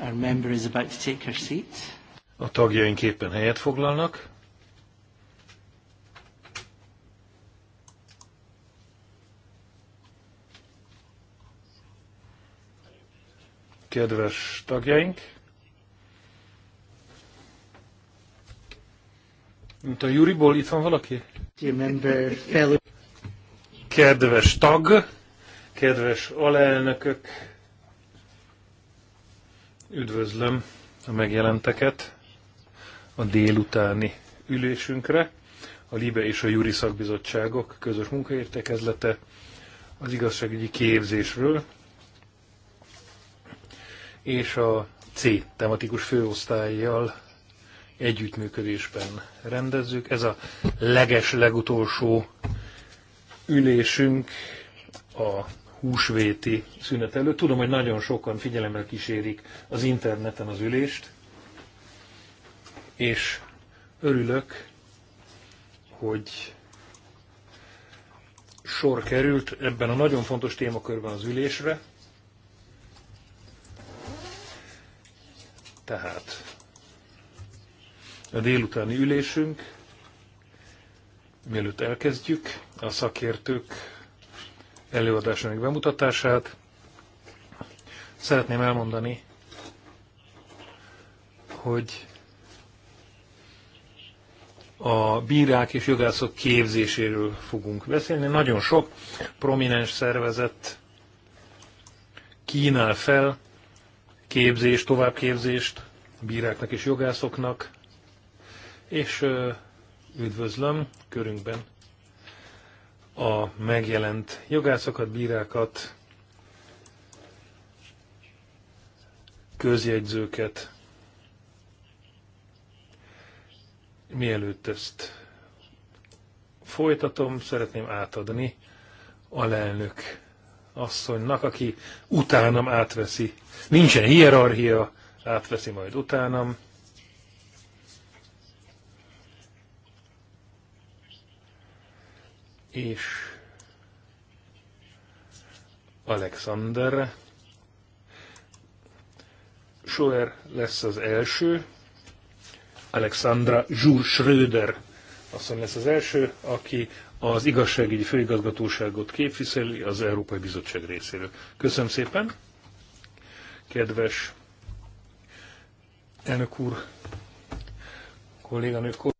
Our member is about to take her seat. A tagjaink éppen helyet foglalnak. Kedves tagjaink! Mint a Juriból itt van valaki? Kedves tag, kedves alelnökök, Üdvözlöm a megjelenteket a délutáni ülésünkre. A LIBE és a Juri szakbizottságok közös munkaértekezlete az igazságügyi képzésről és a C tematikus főosztályjal együttműködésben rendezzük. Ez a leges legutolsó ülésünk a húsvéti szünet előtt. Tudom, hogy nagyon sokan figyelemmel kísérik az interneten az ülést, és örülök, hogy sor került ebben a nagyon fontos témakörben az ülésre. Tehát a délutáni ülésünk, mielőtt elkezdjük, a szakértők előadásának bemutatását. Szeretném elmondani, hogy a bírák és jogászok képzéséről fogunk beszélni. Nagyon sok prominens szervezet kínál fel képzést, továbbképzést bíráknak és jogászoknak, és üdvözlöm körünkben a megjelent jogászokat, bírákat, közjegyzőket, mielőtt ezt folytatom, szeretném átadni a lelnök asszonynak, aki utánam átveszi. Nincsen hierarchia, átveszi majd utánam. és Alexander. Schoer lesz az első, Alexandra Zsúr Schröder asszony lesz az első, aki az igazságügyi főigazgatóságot képviseli az Európai Bizottság részéről. Köszönöm szépen, kedves elnök úr, kolléganők,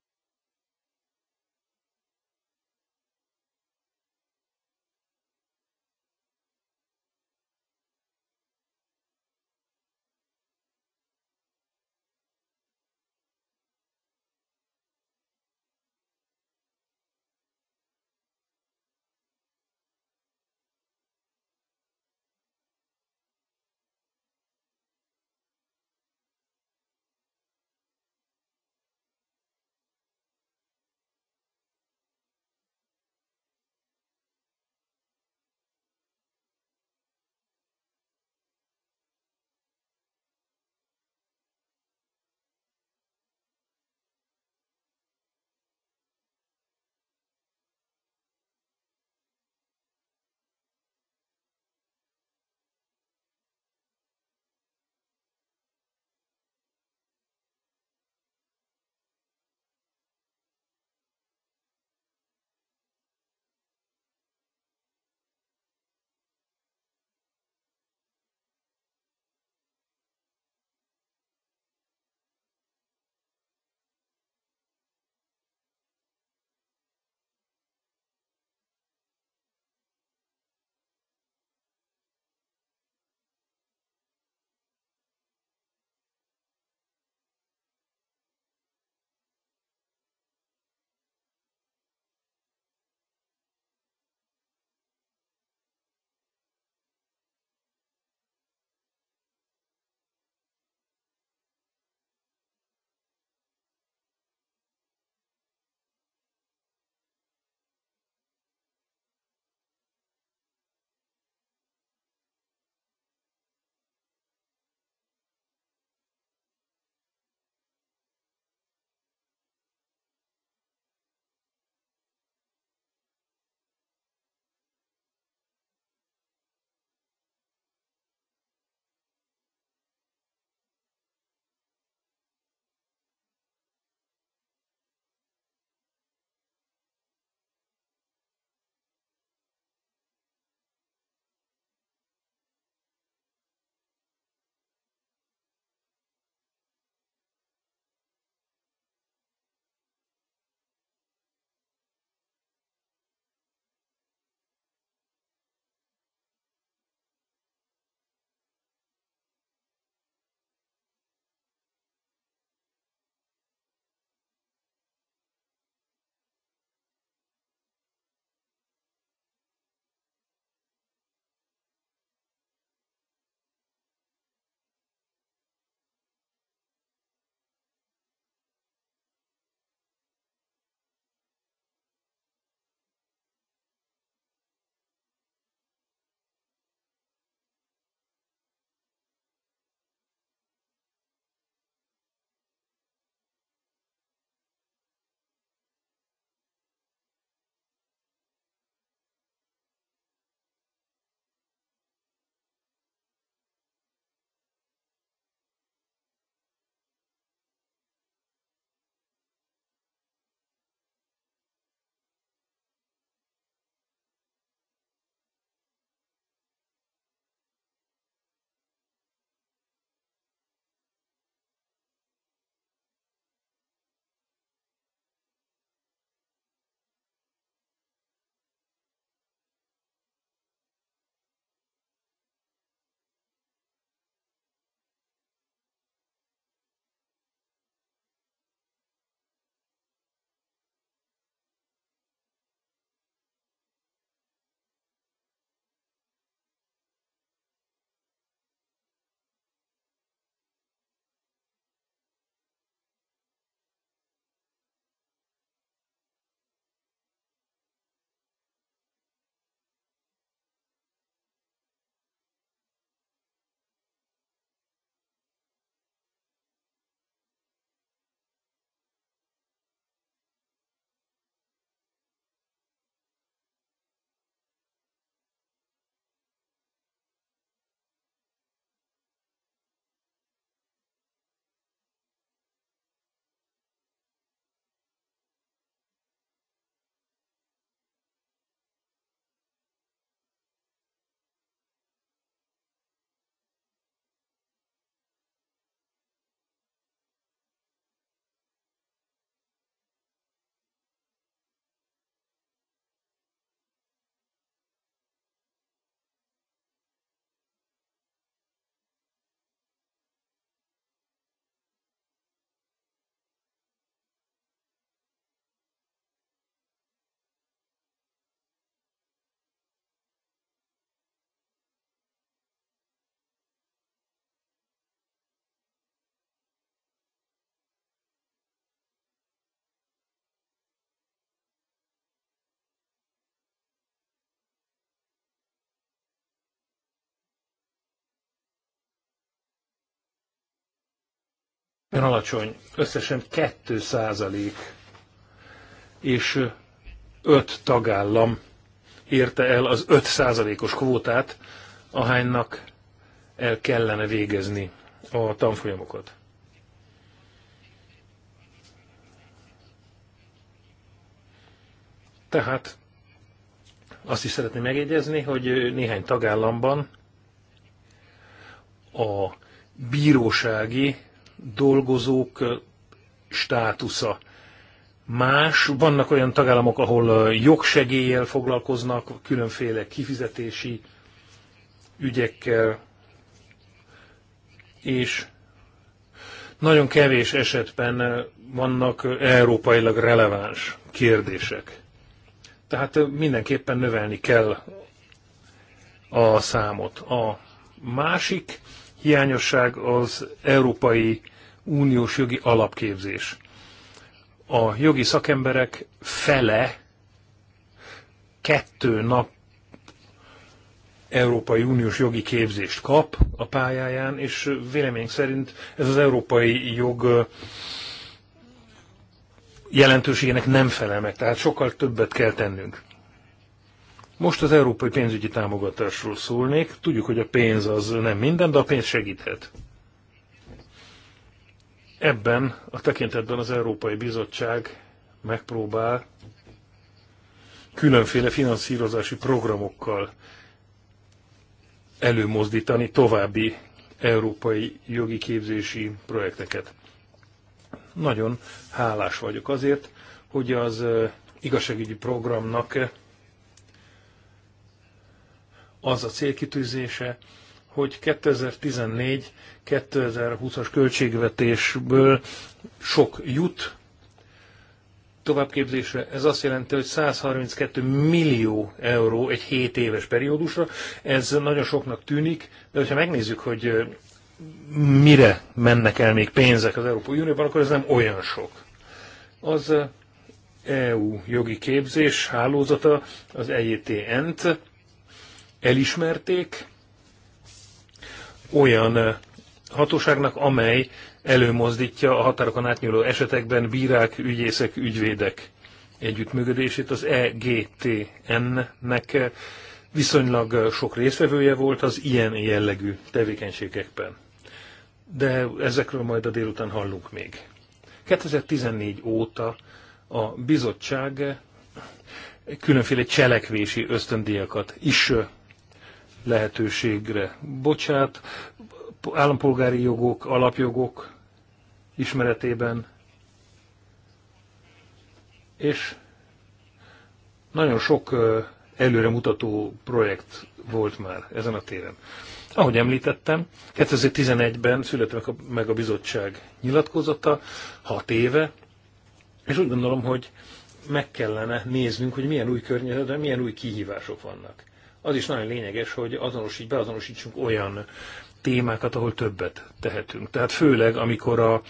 Nagyon alacsony, összesen 2 százalék, és 5 tagállam érte el az 5 százalékos kvótát, ahánynak el kellene végezni a tanfolyamokat. Tehát azt is szeretném megjegyezni, hogy néhány tagállamban a bírósági dolgozók státusza más. Vannak olyan tagállamok, ahol jogsegéllyel foglalkoznak, különféle kifizetési ügyekkel, és nagyon kevés esetben vannak európailag releváns kérdések. Tehát mindenképpen növelni kell a számot. A másik hiányosság az Európai Uniós jogi alapképzés. A jogi szakemberek fele kettő nap Európai Uniós jogi képzést kap a pályáján, és vélemény szerint ez az európai jog jelentőségének nem felel meg, tehát sokkal többet kell tennünk. Most az európai pénzügyi támogatásról szólnék. Tudjuk, hogy a pénz az nem minden, de a pénz segíthet. Ebben a tekintetben az Európai Bizottság megpróbál különféle finanszírozási programokkal előmozdítani további európai jogi képzési projekteket. Nagyon hálás vagyok azért, hogy az igazságügyi programnak az a célkitűzése, hogy 2014-2020-as költségvetésből sok jut továbbképzésre. Ez azt jelenti, hogy 132 millió euró egy 7 éves periódusra. Ez nagyon soknak tűnik, de ha megnézzük, hogy mire mennek el még pénzek az Európai Unióban, akkor ez nem olyan sok. Az EU jogi képzés hálózata, az EJTN-t elismerték olyan eh, hatóságnak, amely előmozdítja a határokon átnyúló esetekben bírák, ügyészek, ügyvédek együttműködését. Az EGTN-nek eh, viszonylag eh, sok részvevője volt az ilyen jellegű tevékenységekben. De ezekről majd a délután hallunk még. 2014 óta a bizottság különféle cselekvési ösztöndíjakat is lehetőségre bocsát, állampolgári jogok, alapjogok ismeretében, és nagyon sok előremutató projekt volt már ezen a téren. Ahogy említettem, 2011-ben született meg a bizottság nyilatkozata, hat éve, és úgy gondolom, hogy meg kellene néznünk, hogy milyen új környezetben, milyen új kihívások vannak az is nagyon lényeges, hogy azonosít, beazonosítsunk olyan témákat, ahol többet tehetünk. Tehát főleg, amikor a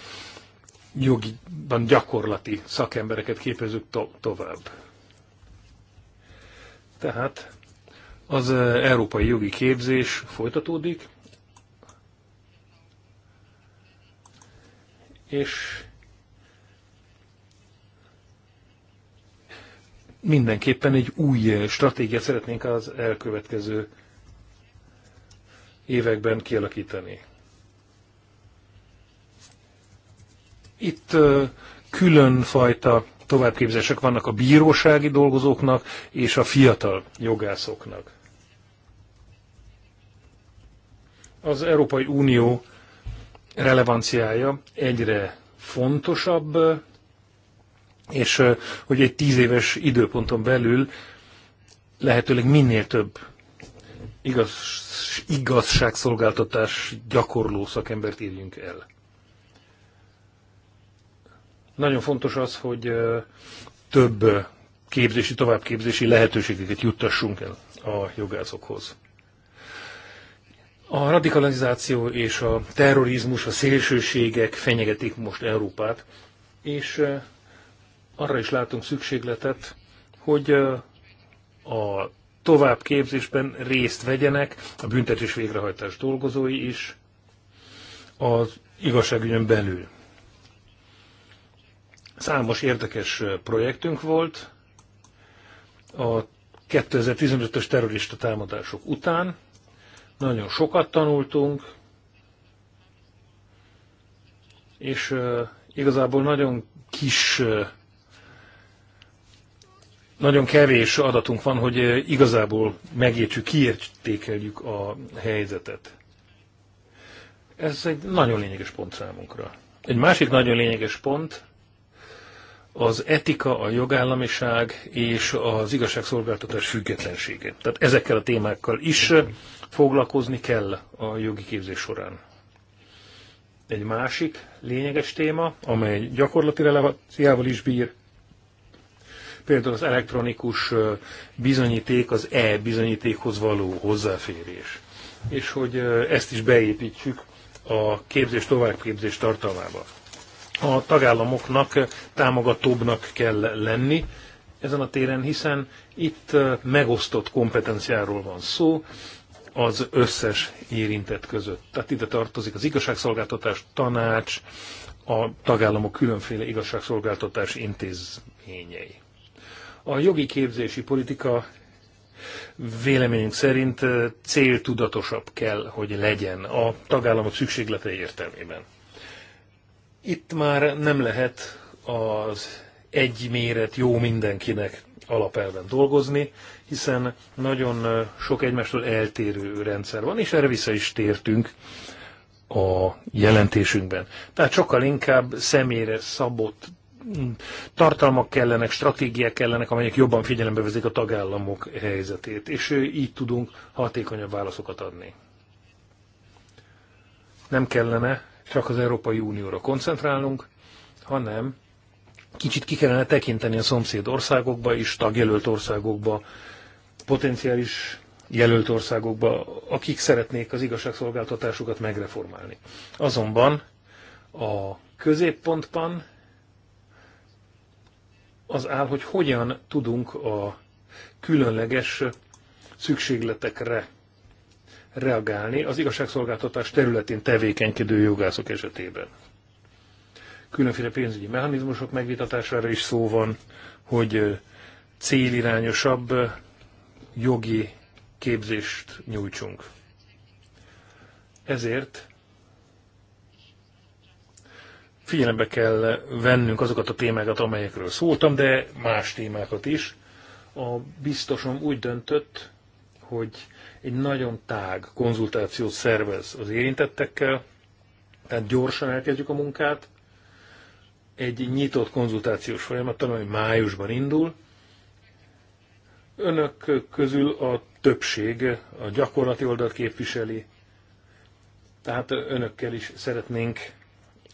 jogiban gyakorlati szakembereket képezünk to- tovább. Tehát az e, európai jogi képzés folytatódik, és mindenképpen egy új stratégiát szeretnénk az elkövetkező években kialakítani. Itt különfajta továbbképzések vannak a bírósági dolgozóknak és a fiatal jogászoknak. Az Európai Unió relevanciája egyre fontosabb és hogy egy tíz éves időponton belül lehetőleg minél több igaz, igazságszolgáltatás gyakorló szakembert írjunk el. Nagyon fontos az, hogy több képzési, továbbképzési lehetőségeket juttassunk el a jogászokhoz. A radikalizáció és a terrorizmus, a szélsőségek fenyegetik most Európát, és arra is látunk szükségletet, hogy a továbbképzésben részt vegyenek a büntetés végrehajtás dolgozói is az igazságügyön belül. Számos érdekes projektünk volt a 2015-ös terrorista támadások után. Nagyon sokat tanultunk, és igazából nagyon kis nagyon kevés adatunk van, hogy eh, igazából megértsük, kiértékeljük a helyzetet. Ez egy nagyon lényeges pont számunkra. Egy másik nagyon lényeges pont az etika, a jogállamiság és az igazságszolgáltatás függetlensége. Tehát ezekkel a témákkal is eh, foglalkozni kell a jogi képzés során. Egy másik lényeges téma, amely gyakorlati relevanciával is bír, Például az elektronikus bizonyíték, az e-bizonyítékhoz való hozzáférés. És hogy ezt is beépítsük a képzés, továbbképzés tartalmába. A tagállamoknak támogatóbbnak kell lenni ezen a téren, hiszen itt megosztott kompetenciáról van szó, az összes érintett között. Tehát ide tartozik az igazságszolgáltatás tanács, a tagállamok különféle igazságszolgáltatás intézményei. A jogi képzési politika véleményünk szerint céltudatosabb kell, hogy legyen a tagállamok szükséglete értelmében. Itt már nem lehet az egy méret jó mindenkinek alapelven dolgozni, hiszen nagyon sok egymástól eltérő rendszer van, és erre vissza is tértünk a jelentésünkben. Tehát sokkal inkább személyre szabott tartalmak kellenek, stratégiák kellenek, amelyek jobban figyelembe vezik a tagállamok helyzetét, és így tudunk hatékonyabb válaszokat adni. Nem kellene csak az Európai Unióra koncentrálnunk, hanem kicsit ki kellene tekinteni a szomszéd országokba és tagjelölt országokba, potenciális jelölt országokba, akik szeretnék az igazságszolgáltatásukat megreformálni. Azonban a középpontban az áll, hogy hogyan tudunk a különleges szükségletekre reagálni az igazságszolgáltatás területén tevékenykedő jogászok esetében. Különféle pénzügyi mechanizmusok megvitatására is szó van, hogy célirányosabb jogi képzést nyújtsunk. Ezért figyelembe kell vennünk azokat a témákat, amelyekről szóltam, de más témákat is. A biztosom úgy döntött, hogy egy nagyon tág konzultációt szervez az érintettekkel, tehát gyorsan elkezdjük a munkát. Egy nyitott konzultációs folyamat, ami májusban indul. Önök közül a többség a gyakorlati oldalt képviseli, tehát önökkel is szeretnénk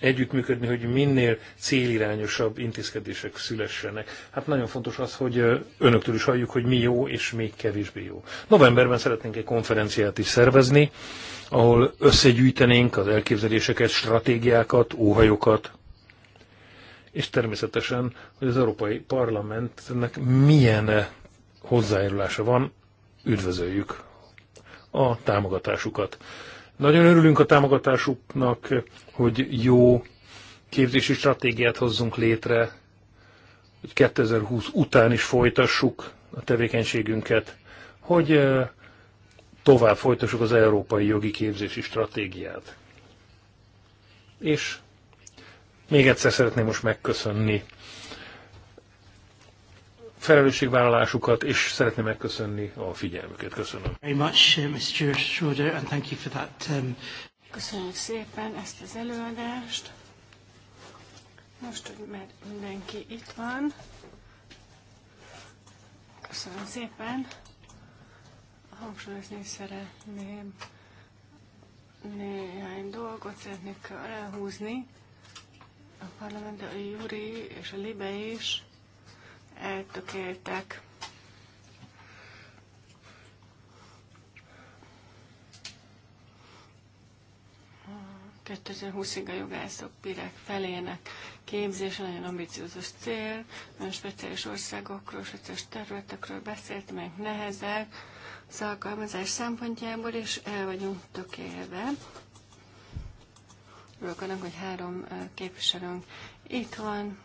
együttműködni, hogy minél célirányosabb intézkedések szülessenek. Hát nagyon fontos az, hogy önöktől is halljuk, hogy mi jó és mi kevésbé jó. Novemberben szeretnénk egy konferenciát is szervezni, ahol összegyűjtenénk az elképzeléseket, stratégiákat, óhajokat, és természetesen, hogy az Európai Parlamentnek milyen hozzájárulása van, üdvözöljük a támogatásukat. Nagyon örülünk a támogatásuknak, hogy jó képzési stratégiát hozzunk létre, hogy 2020 után is folytassuk a tevékenységünket, hogy tovább folytassuk az európai jogi képzési stratégiát. És még egyszer szeretném most megköszönni felelősségvállalásukat, és szeretném megköszönni a figyelmüket. Köszönöm. Very much, uh, Mr. and thank you for that. Um, Köszönjük szépen ezt az előadást. Most, hogy már mindenki itt van, köszönöm szépen. Hangsúlyozni szeretném néhány dolgot, szeretnék elhúzni a parlament, a júri és a libe is eltökéltek. A 2020-ig a jogászok pirek felének képzése nagyon ambiciózus cél, nagyon speciális országokról, speciális területekről beszélt, meg nehezek az alkalmazás szempontjából, és el vagyunk tökélve. Örülök annak, hogy három képviselőnk itt van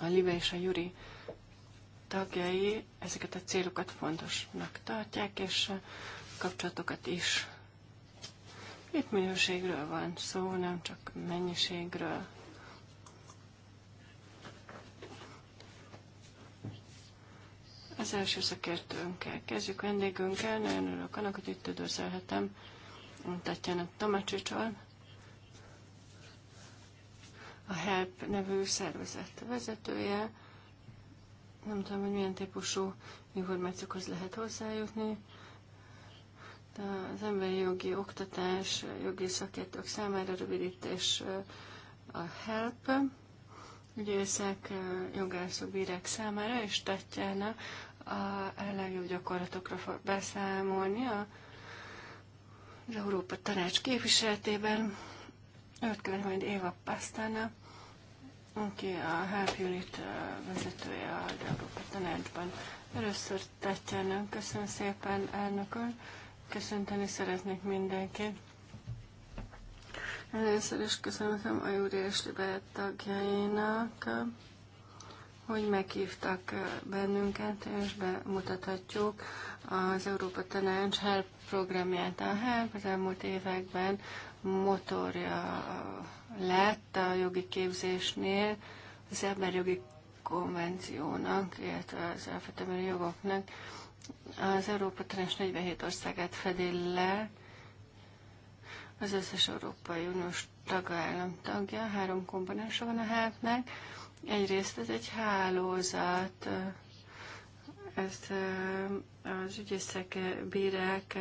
a Live és a Juri tagjai ezeket a célokat fontosnak tartják, és kapcsolatokat is. Itt minőségről van szó, nem csak mennyiségről. Az első szakértőnkkel kezdjük vendégünkkel. Nagyon örülök annak, hogy itt üdvözölhetem Tatjana Tomacsicsal, a HELP nevű szervezet vezetője. Nem tudom, hogy milyen típusú információkhoz lehet hozzájutni. De az emberi jogi oktatás, jogi szakértők számára rövidítés eh, a HELP, ügyészek, eh, jogászok, bírák számára, és Tatjána a legjobb gyakorlatokra fog beszámolni a, az Európa Tanács képviseletében. Őt követ majd Éva Pasztana, aki a Help Unit vezetője a Európa Tanácsban. Először Tatjana, köszönöm szépen elnökön, köszönteni szeretnék mindenkit. Először is köszönöm a Júri és Libert tagjainak, hogy meghívtak bennünket, és bemutathatjuk az Európa Tanács HELP programját. A HELP az elmúlt években motorja lett a jogi képzésnél az emberjogi konvenciónak, illetve az alapvető jogoknak. Az Európa Tanács 47 országát fedi le, az összes Európai Uniós tagállam tagja, három komponens van a hápnek. Egyrészt ez egy hálózat, ezt az ügyészek, bírák,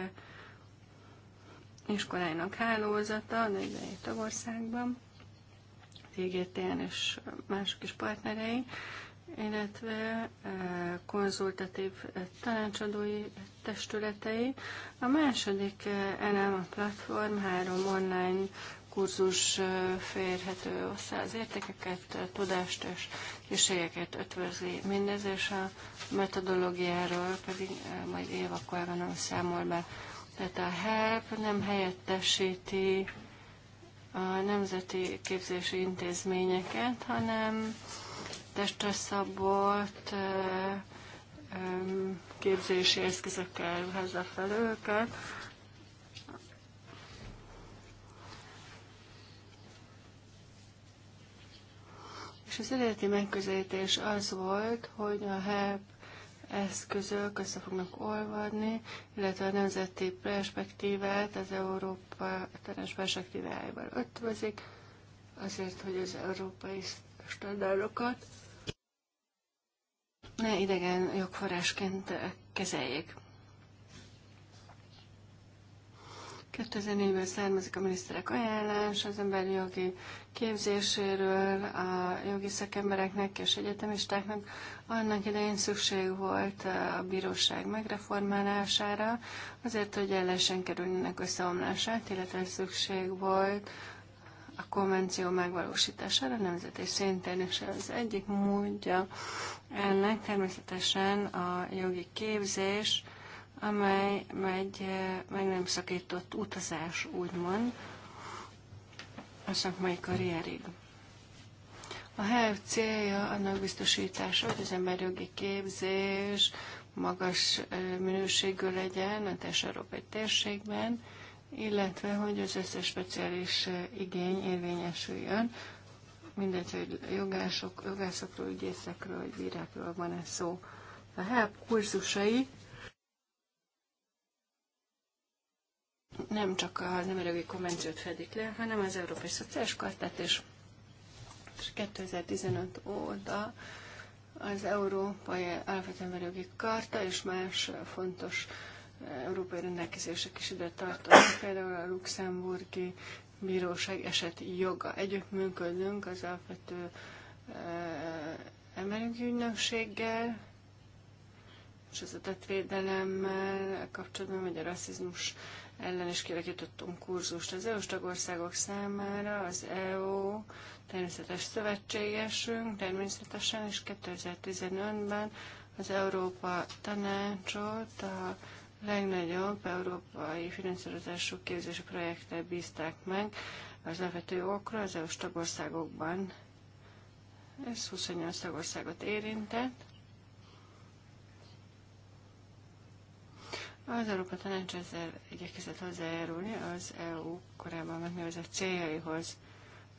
iskoláinak hálózata 47 tagországban, az IGTN és mások is partnerei, illetve e, konzultatív tanácsadói testületei. A második e, elem a platform, három online kurzus e, férhető hozzá az értékeket, tudást és készségeket ötvözi mindez, és a metodológiáról pedig majd Éva kolléganőm számol be. Tehát a HELP nem helyettesíti a nemzeti képzési intézményeket, hanem testre szabott képzési eszközökkel hozza fel őket. És az eredeti megközelítés az volt, hogy a HELP eszközök össze fognak olvadni, illetve a nemzeti perspektívát az Európa teres perspektívájával ötvözik, azért, hogy az európai standardokat ne idegen jogforrásként kezeljék. 2004 ben származik a miniszterek ajánlás az emberi jogi képzéséről a jogi szakembereknek és egyetemistáknak. Annak idején szükség volt a bíróság megreformálására, azért, hogy el lehessen kerülni ennek összeomlását, illetve szükség volt a konvenció megvalósítására nemzeti szinten, is az egyik módja ennek természetesen a jogi képzés, amely megy, meg nem szakított utazás, úgymond, a szakmai karrierig. A HF célja annak biztosítása, hogy az emberjogi képzés magas minőségű legyen a európai térségben, illetve hogy az összes speciális igény érvényesüljön, mindegy, hogy jogások, jogászokról, ügyészekről, vagy bírákról van ez szó. A HELP kurzusai nem csak a nemerőgi konvenciót fedik le, hanem az Európai Szociális Kartát És 2015 óta az Európai Alapvetőmerőgi Karta és más fontos eh, európai rendelkezések is ide tartoznak, például a luxemburgi bíróság eseti joga. Együtt működünk az alapvető eh, emberi ügynökséggel, és az adatvédelemmel kapcsolatban, vagy a rasszizmus ellen is kialakítottunk kurzust. Az EU-s tagországok számára az EU természetes szövetségesünk, természetesen, és 2015-ben az Európa Tanácsot a legnagyobb európai finanszírozású képzési projekttel bízták meg az alapvető okra az EU-s tagországokban. Ez 28 tagországot érintett. Az Európa Tanács ezzel igyekezett hozzájárulni az EU korábban megnevezett céljaihoz.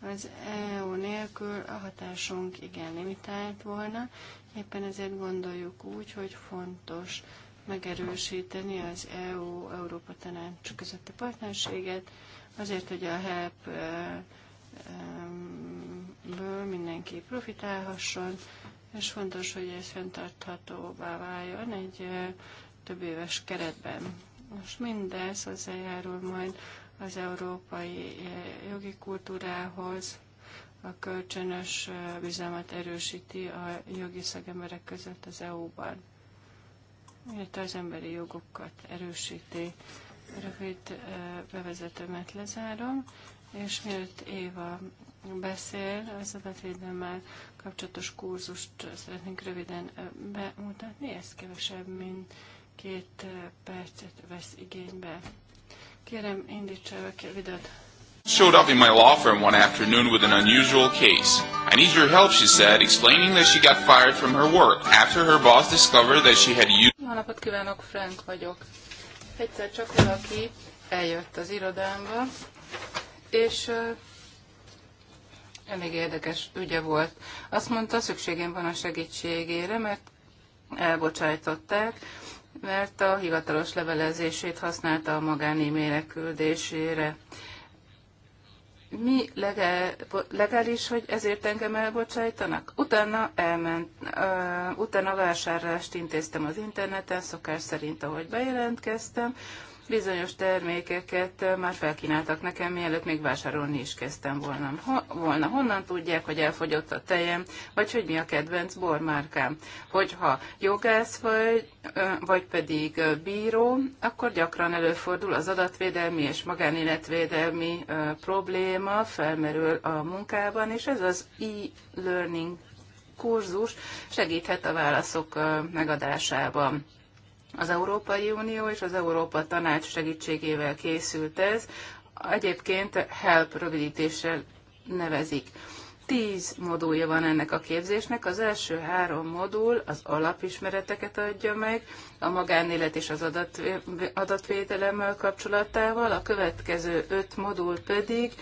Az EU nélkül a hatásunk igen limitált volna, éppen ezért gondoljuk úgy, hogy fontos megerősíteni az EU-Európa Tanács közötti partnerséget, azért, hogy a HEP ből mindenki profitálhasson, és fontos, hogy ez fenntarthatóvá váljon egy több éves keretben. Most mindez hozzájárul majd az európai eh, jogi kultúrához, a kölcsönös eh, bizalmat erősíti a jogi szakemberek között az EU-ban, illetve az emberi jogokat erősíti. Rövid eh, bevezetőmet lezárom, és mielőtt Éva beszél, az adatvédelemmel kapcsolatos kurzust szeretnénk röviden bemutatni, ez kevesebb, mint két eh, percet vesz igénybe. Kérem, indítsa a videót. Showed up in my law firm one afternoon with an unusual case. I need your help, she said, explaining that she got fired from her work after her boss discovered that she had used... Jó napot kívánok, Frank vagyok. Egyszer csak valaki eljött az irodámba, és uh, elég érdekes ügye volt. Azt mondta, szükségem van a segítségére, mert elbocsájtották, mert a hivatalos levelezését használta a magán e küldésére. Mi legális, hogy ezért engem elbocsájtanak? Utána elment, uh, utána vásárlást intéztem az interneten, szokás szerint, ahogy bejelentkeztem bizonyos termékeket már felkínáltak nekem, mielőtt még vásárolni is kezdtem volna. Ho- volna. Honnan tudják, hogy elfogyott a tejem, vagy hogy mi a kedvenc bormárkám? Hogyha jogász vagy, vagy pedig bíró, akkor gyakran előfordul az adatvédelmi és magánéletvédelmi probléma, felmerül a munkában, és ez az e-learning kurzus segíthet a válaszok megadásában az Európai Unió és az Európa Tanács segítségével készült ez, egyébként HELP rövidítéssel nevezik. Tíz modulja van ennek a képzésnek. Az első három modul az alapismereteket adja meg, a magánélet és az adat, adatvédelem kapcsolatával, a következő öt modul pedig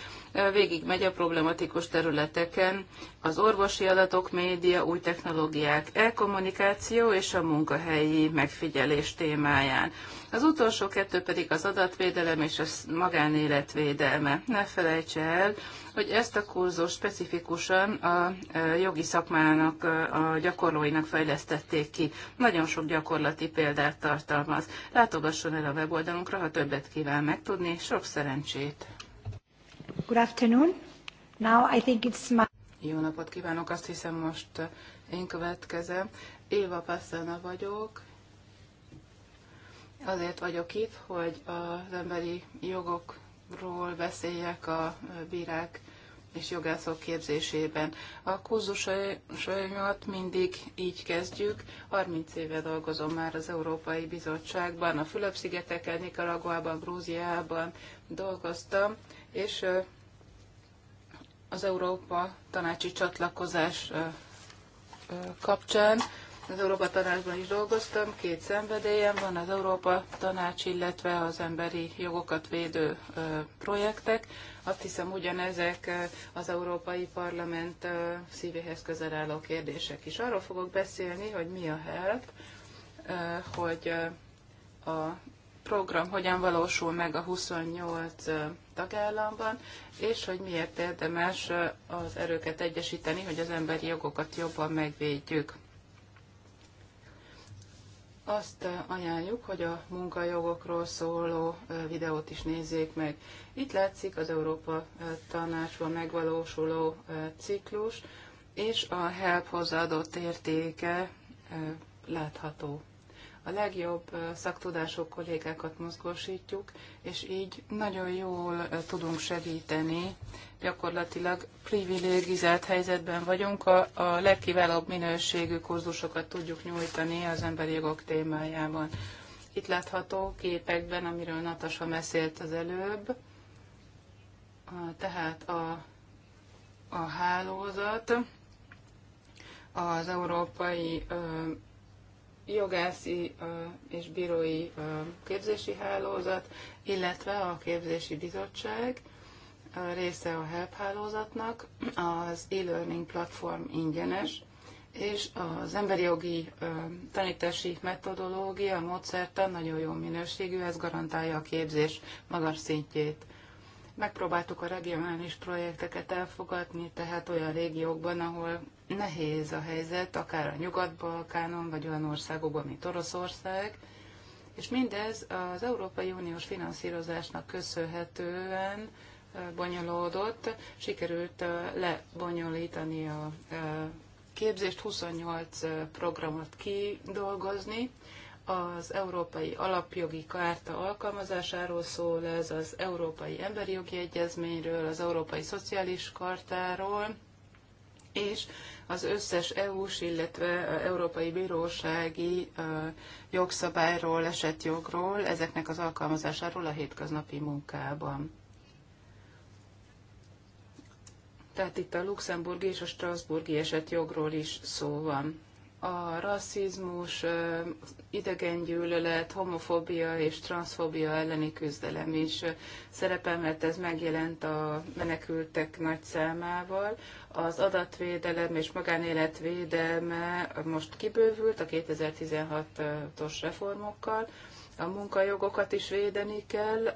végigmegy a problematikus területeken az orvosi adatok, média, új technológiák, e-kommunikáció és a munkahelyi megfigyelés témáján. Az utolsó kettő pedig az adatvédelem és a magánéletvédelme. Ne felejtse el, hogy ezt a kurzus specifikusan a jogi szakmának, a gyakorlóinak fejlesztették ki. Nagyon sok gyakorlati példát példát tartalmaz. Látogasson el a weboldalunkra, ha többet kíván megtudni. Sok szerencsét! Good afternoon. Now I think it's my... Jó napot kívánok, azt hiszem most uh, én következem. Éva Passana vagyok. Azért vagyok itt, hogy az emberi jogokról beszéljek a uh, bírák és jogászok képzésében. A kurzusaimat mindig így kezdjük. 30 éve dolgozom már az Európai Bizottságban, a Fülöp-szigeteken, Nikaraguában, Grúziában dolgoztam, és az Európa tanácsi csatlakozás kapcsán az Európa Tanácsban is dolgoztam, két szenvedélyem van, az Európa Tanács, illetve az emberi jogokat védő projektek. Azt hiszem, ugyanezek az Európai Parlament szívéhez közel álló kérdések is. Arról fogok beszélni, hogy mi a HELP, hogy a program hogyan valósul meg a 28 tagállamban, és hogy miért érdemes az erőket egyesíteni, hogy az emberi jogokat jobban megvédjük azt ajánljuk, hogy a munkajogokról szóló videót is nézzék meg. Itt látszik az Európa Tanácsban megvalósuló ciklus, és a HELP hozzáadott értéke látható a legjobb szaktudású kollégákat mozgósítjuk, és így nagyon jól tudunk segíteni. Gyakorlatilag privilegizált helyzetben vagyunk, a, a legkiválóbb minőségű kurzusokat tudjuk nyújtani az emberi jogok témájában. Itt látható képekben, amiről Natasa beszélt az előbb, tehát a, a hálózat, az európai jogászi és bírói képzési hálózat, illetve a képzési bizottság része a HELP hálózatnak, az e-learning platform ingyenes, és az emberi jogi tanítási metodológia, módszertan nagyon jó minőségű, ez garantálja a képzés magas szintjét. Megpróbáltuk a regionális projekteket elfogadni, tehát olyan régiókban, ahol nehéz a helyzet, akár a Nyugat-Balkánon, vagy olyan országokban, mint Oroszország, és mindez az Európai Uniós finanszírozásnak köszönhetően bonyolódott, sikerült lebonyolítani a képzést, 28 programot kidolgozni, az Európai Alapjogi Kárta alkalmazásáról szól, ez az Európai Emberi Jogi Egyezményről, az Európai Szociális Kartáról, és az összes EU-s, illetve Európai Bírósági jogszabályról, esett jogról, ezeknek az alkalmazásáról a hétköznapi munkában. Tehát itt a luxemburgi és a strasburgi esetjogról is szó van. A rasszizmus, idegengyűlölet, homofóbia és transzfóbia elleni küzdelem is szerepel, mert ez megjelent a menekültek nagy számával az adatvédelem és magánélet védelme most kibővült a 2016-os reformokkal. A munkajogokat is védeni kell,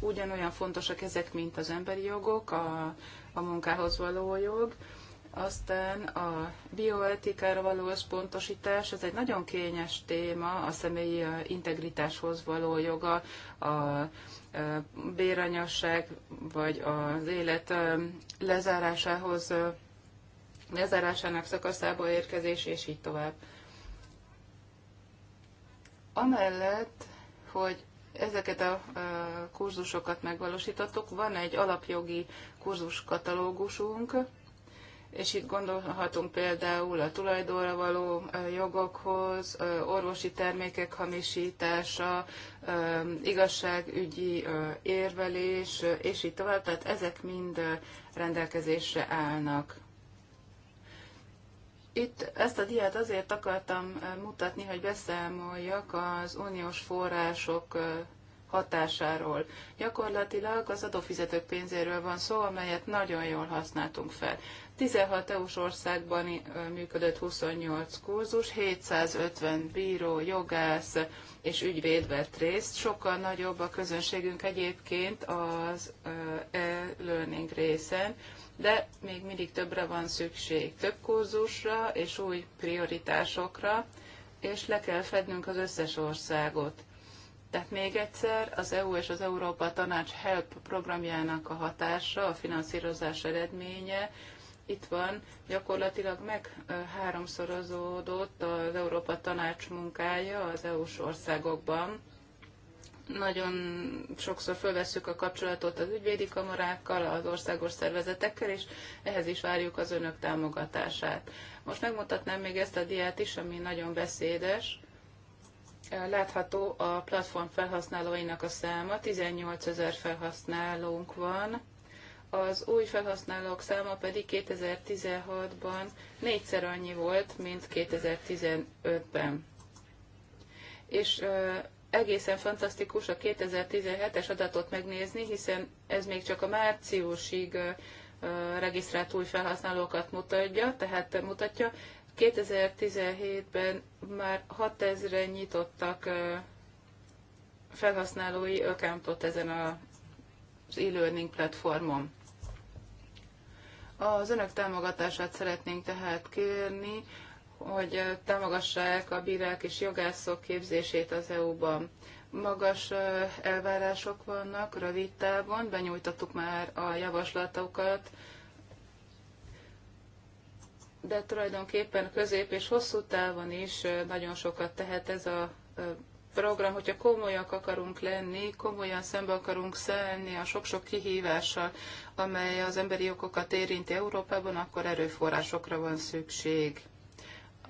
ugyanolyan fontosak ezek, mint az emberi jogok, a, a munkához való jog. Aztán a bioetikára való összpontosítás, ez egy nagyon kényes téma, a személyi integritáshoz való joga, a béranyasság, vagy az élet lezárásához, lezárásának szakaszába érkezés, és így tovább. Amellett, hogy ezeket a kurzusokat megvalósítottuk, van egy alapjogi kurzuskatalógusunk, és itt gondolhatunk például a tulajdonra való jogokhoz, orvosi termékek hamisítása, igazságügyi érvelés, és így tovább, tehát ezek mind rendelkezésre állnak. Itt ezt a diát azért akartam mutatni, hogy beszámoljak az uniós források hatásáról. Gyakorlatilag az adófizetők pénzéről van szó, amelyet nagyon jól használtunk fel. 16 EU-s országban működött 28 kurzus, 750 bíró, jogász és ügyvéd vett részt. Sokkal nagyobb a közönségünk egyébként az e-learning részen, de még mindig többre van szükség. Több kurzusra és új prioritásokra, és le kell fednünk az összes országot. Tehát még egyszer, az EU és az Európa Tanács HELP programjának a hatása, a finanszírozás eredménye, itt van, gyakorlatilag meg háromszorozódott az Európa Tanács munkája az EU-s országokban. Nagyon sokszor fölvesszük a kapcsolatot az ügyvédi kamarákkal, az országos szervezetekkel, és ehhez is várjuk az önök támogatását. Most megmutatnám még ezt a diát is, ami nagyon beszédes látható a platform felhasználóinak a száma, 18 ezer felhasználónk van, az új felhasználók száma pedig 2016-ban négyszer annyi volt, mint 2015-ben. És egészen fantasztikus a 2017-es adatot megnézni, hiszen ez még csak a márciusig regisztrált új felhasználókat mutatja, tehát mutatja, 2017-ben már 6000-re nyitottak felhasználói accountot ezen az e-learning platformon. Az önök támogatását szeretnénk tehát kérni, hogy támogassák a bírák és jogászok képzését az EU-ban. Magas elvárások vannak rövid távon, benyújtottuk már a javaslatokat de tulajdonképpen közép és hosszú távon is nagyon sokat tehet ez a program, hogyha komolyak akarunk lenni, komolyan szembe akarunk szállni a sok-sok kihívással, amely az emberi jogokat érinti Európában, akkor erőforrásokra van szükség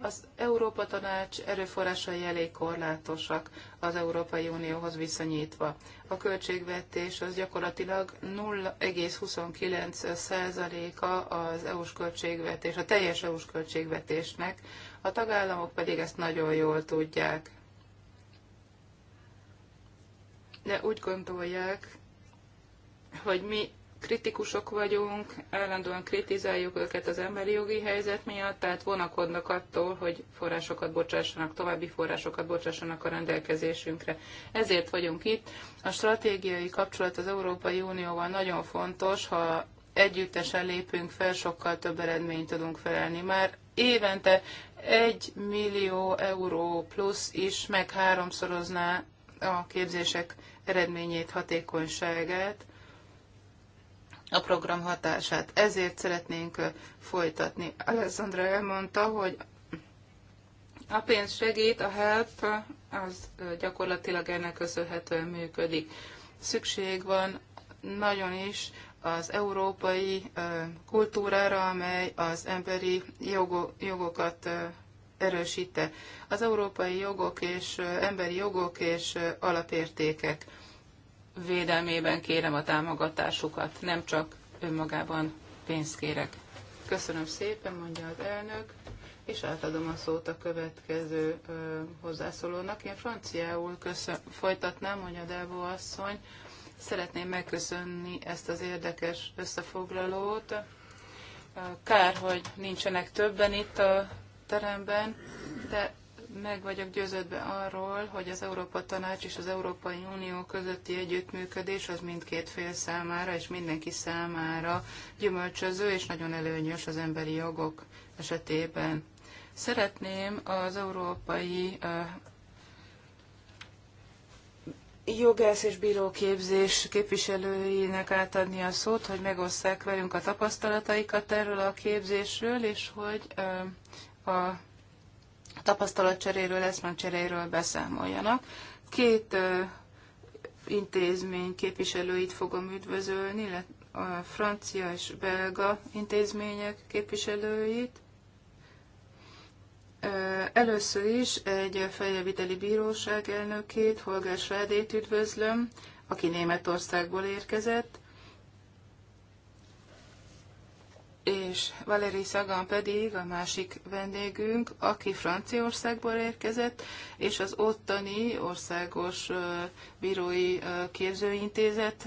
az Európa Tanács erőforrásai elég korlátosak az Európai Unióhoz viszonyítva. A költségvetés az gyakorlatilag 0,29%-a az EU-s költségvetés, a teljes EU-s költségvetésnek, a tagállamok pedig ezt nagyon jól tudják. De úgy gondolják, hogy mi kritikusok vagyunk, állandóan kritizáljuk őket az emberi jogi helyzet miatt, tehát vonakodnak attól, hogy forrásokat bocsássanak, további forrásokat bocsássanak a rendelkezésünkre. Ezért vagyunk itt. A stratégiai kapcsolat az Európai Unióval nagyon fontos, ha együttesen lépünk fel, sokkal több eredményt tudunk felelni. Már évente egy millió euró plusz is meg háromszorozná a képzések eredményét, hatékonyságát a program hatását. Ezért szeretnénk folytatni. Alessandra elmondta, hogy a pénz segít, a help az gyakorlatilag ennek köszönhetően működik. Szükség van nagyon is az európai kultúrára, amely az emberi jogokat erősíte. Az európai jogok és emberi jogok és alapértékek védelmében kérem a támogatásukat, nem csak önmagában pénzt kérek. Köszönöm szépen, mondja az elnök, és átadom a szót a következő ö, hozzászólónak. Én franciául köszön, folytatnám, mondja Delvo asszony. Szeretném megköszönni ezt az érdekes összefoglalót. Kár, hogy nincsenek többen itt a teremben, de meg vagyok győződve arról, hogy az Európa Tanács és az Európai Unió közötti együttműködés az mindkét fél számára és mindenki számára gyümölcsöző és nagyon előnyös az emberi jogok esetében. Szeretném az európai jogász és bíróképzés képviselőinek átadni a szót, hogy megosszák velünk a tapasztalataikat erről a képzésről, és hogy a tapasztalatcseréről, eszmecseréről beszámoljanak. Két ö, intézmény képviselőit fogom üdvözölni, illetve a francia és belga intézmények képviselőit. Először is egy fejleviteli bíróság elnökét, Holger Svádét üdvözlöm, aki Németországból érkezett, és Valéry Szagan pedig a másik vendégünk, aki Franciaországból érkezett, és az ottani országos bírói képzőintézet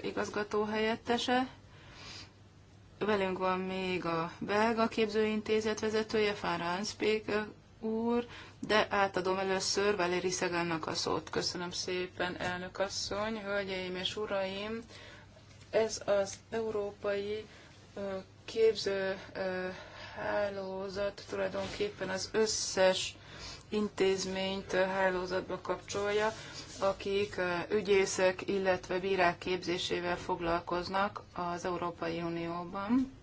igazgató helyettese. Velünk van még a belga képzőintézet vezetője, Fára Anspék úr, de átadom először Valéry Szagannak a szót. Köszönöm szépen, elnök asszony, hölgyeim és uraim! Ez az európai képző hálózat tulajdonképpen az összes intézményt hálózatba kapcsolja, akik ügyészek, illetve bírák képzésével foglalkoznak az Európai Unióban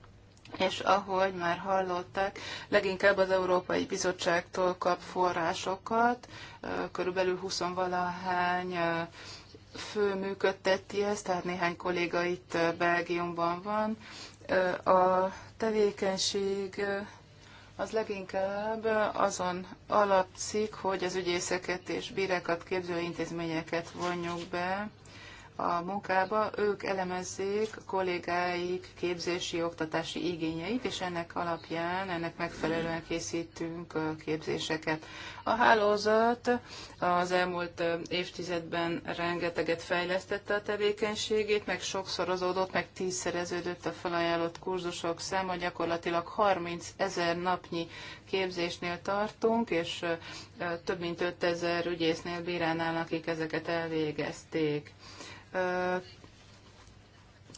és ahogy már hallották, leginkább az Európai Bizottságtól kap forrásokat, körülbelül 20 valahány fő működteti ezt, tehát néhány kolléga itt Belgiumban van, a tevékenység az leginkább azon alapszik, hogy az ügyészeket és bírákat képző intézményeket vonjuk be a munkába, ők elemezzék kollégáik képzési, oktatási igényeit, és ennek alapján, ennek megfelelően készítünk képzéseket. A hálózat az elmúlt évtizedben rengeteget fejlesztette a tevékenységét, meg sokszorozódott, meg tízszereződött a felajánlott kurzusok száma, gyakorlatilag 30 ezer napnyi képzésnél tartunk, és több mint 5 ezer ügyésznél bíránál, akik ezeket elvégezték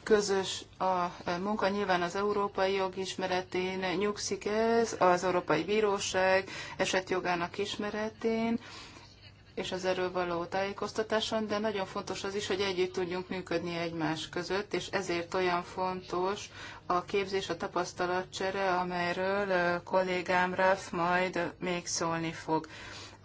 közös a munka, nyilván az európai jog ismeretén nyugszik ez, az Európai Bíróság esetjogának ismeretén, és az erről való tájékoztatáson, de nagyon fontos az is, hogy együtt tudjunk működni egymás között, és ezért olyan fontos a képzés, a tapasztalatcsere, amelyről kollégám Ralf majd még szólni fog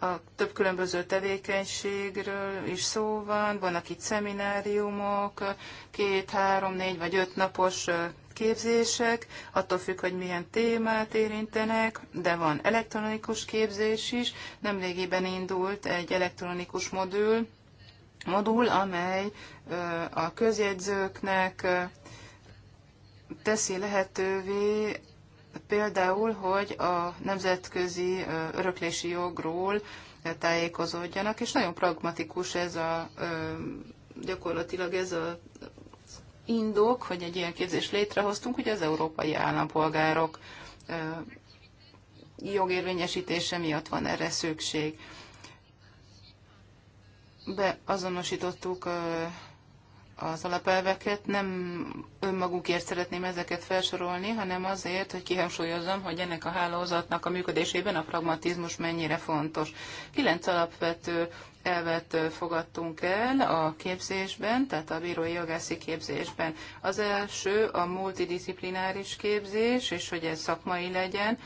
a több különböző tevékenységről is szó van, vannak itt szemináriumok, két, három, négy vagy öt napos képzések, attól függ, hogy milyen témát érintenek, de van elektronikus képzés is. Nemrégiben indult egy elektronikus modul, modul amely a közjegyzőknek teszi lehetővé például, hogy a nemzetközi öröklési jogról tájékozódjanak, és nagyon pragmatikus ez a gyakorlatilag ez a indok, hogy egy ilyen képzést létrehoztunk, hogy az európai állampolgárok jogérvényesítése miatt van erre szükség. Beazonosítottuk az alapelveket. Nem önmagukért szeretném ezeket felsorolni, hanem azért, hogy kihangsúlyozzam, hogy ennek a hálózatnak a működésében a pragmatizmus mennyire fontos. Kilenc alapvető elvet fogadtunk el a képzésben, tehát a bírói jogászi képzésben. Az első a multidisziplináris képzés, és hogy ez szakmai legyen,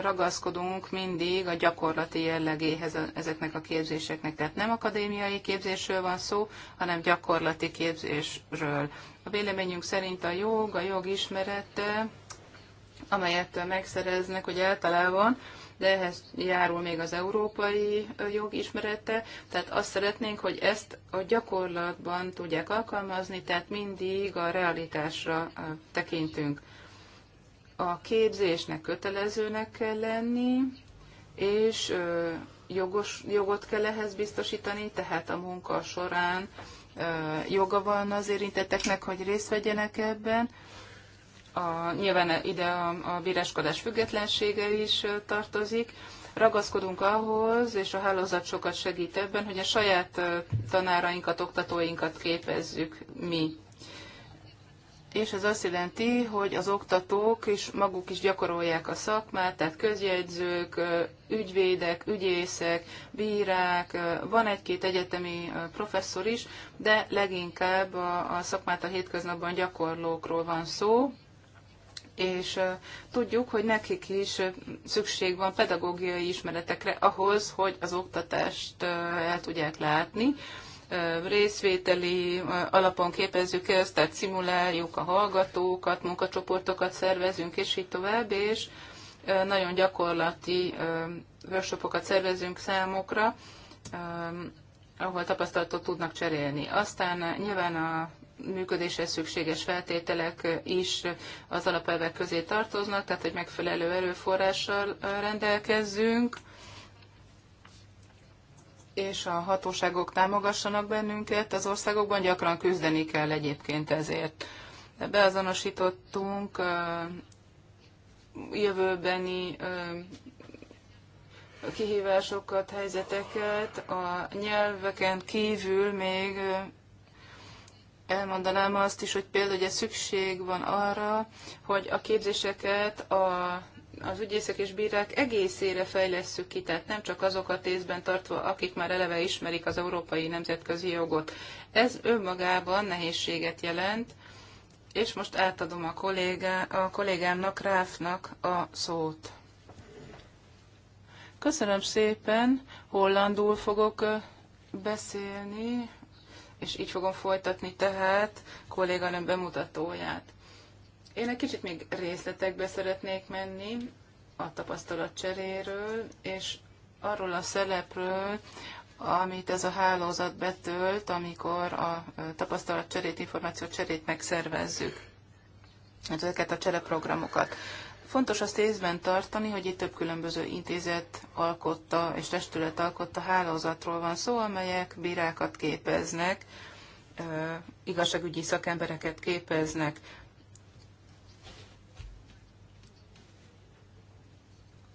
ragaszkodunk mindig a gyakorlati jellegéhez ezeknek a képzéseknek. Tehát nem akadémiai képzésről van szó, hanem gyakorlati képzésről. A véleményünk szerint a jog, a jog ismerete, amelyet megszereznek, hogy általában de ehhez járul még az európai jog ismerete, tehát azt szeretnénk, hogy ezt a gyakorlatban tudják alkalmazni, tehát mindig a realitásra tekintünk. A képzésnek kötelezőnek kell lenni, és jogos, jogot kell ehhez biztosítani, tehát a munka során joga van az érintetteknek, hogy részt vegyenek ebben, a, nyilván ide a, a bíráskodás függetlensége is tartozik. Ragaszkodunk ahhoz, és a hálózat sokat segít ebben, hogy a saját tanárainkat, oktatóinkat képezzük mi. És ez azt jelenti, hogy az oktatók is maguk is gyakorolják a szakmát, tehát közjegyzők, ügyvédek, ügyészek, bírák, van egy-két egyetemi professzor is, de leginkább a, szakmát a hétköznapban gyakorlókról van szó, és tudjuk, hogy nekik is szükség van pedagógiai ismeretekre ahhoz, hogy az oktatást el tudják látni. Részvételi alapon képezzük ezt, tehát szimuláljuk a hallgatókat, munkacsoportokat szervezünk, és így tovább, és nagyon gyakorlati workshopokat szervezünk számukra, ahol tapasztalatot tudnak cserélni. Aztán nyilván a működéshez szükséges feltételek is az alapelvek közé tartoznak, tehát hogy megfelelő erőforrással rendelkezzünk, és a hatóságok támogassanak bennünket az országokban, gyakran küzdeni kell egyébként ezért. Beazonosítottunk jövőbeni kihívásokat, helyzeteket, a nyelveken kívül még elmondanám azt is, hogy például ugye szükség van arra, hogy a képzéseket a az ügyészek és bírák egészére fejlesszük ki, tehát nem csak azokat észben tartva, akik már eleve ismerik az európai nemzetközi jogot. Ez önmagában nehézséget jelent, és most átadom a, kollégá, a kollégámnak, Ráfnak a szót. Köszönöm szépen, hollandul fogok beszélni, és így fogom folytatni tehát kolléganőm bemutatóját. Én egy kicsit még részletekbe szeretnék menni a cseréről, és arról a szerepről, amit ez a hálózat betölt, amikor a tapasztalatcserét, információcserét megszervezzük hát ezeket a csereprogramokat. Fontos azt észben tartani, hogy itt több különböző intézet alkotta és testület alkotta hálózatról van szó, amelyek bírákat képeznek, igazságügyi szakembereket képeznek.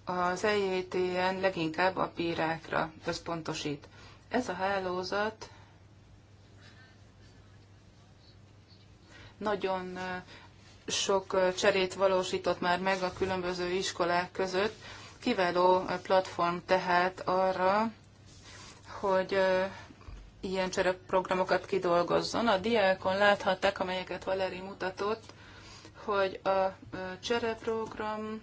Az EJTN leginkább a bírákra összpontosít. Ez a hálózat nagyon sok cserét valósított már meg a különböző iskolák között. Kiváló platform tehát arra, hogy ilyen csereprogramokat kidolgozzon. A diákon láthatták, amelyeket Valeri mutatott, hogy a csereprogram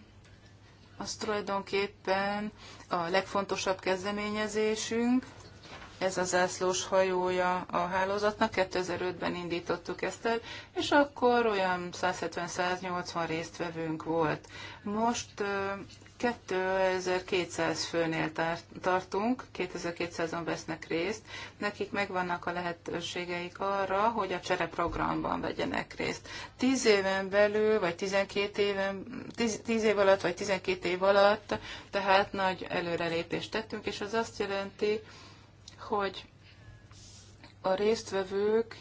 az tulajdonképpen a legfontosabb kezdeményezésünk, ez a zászlós hajója a hálózatnak. 2005-ben indítottuk ezt el, és akkor olyan 170-180 résztvevőnk volt. Most 2200 főnél tartunk, 2200 an vesznek részt, nekik megvannak a lehetőségeik arra, hogy a csereprogramban vegyenek részt. 10 éven belül, vagy 12 éven, 10, 10 év alatt, vagy 12 év alatt, tehát nagy előrelépést tettünk, és az azt jelenti, hogy a résztvevők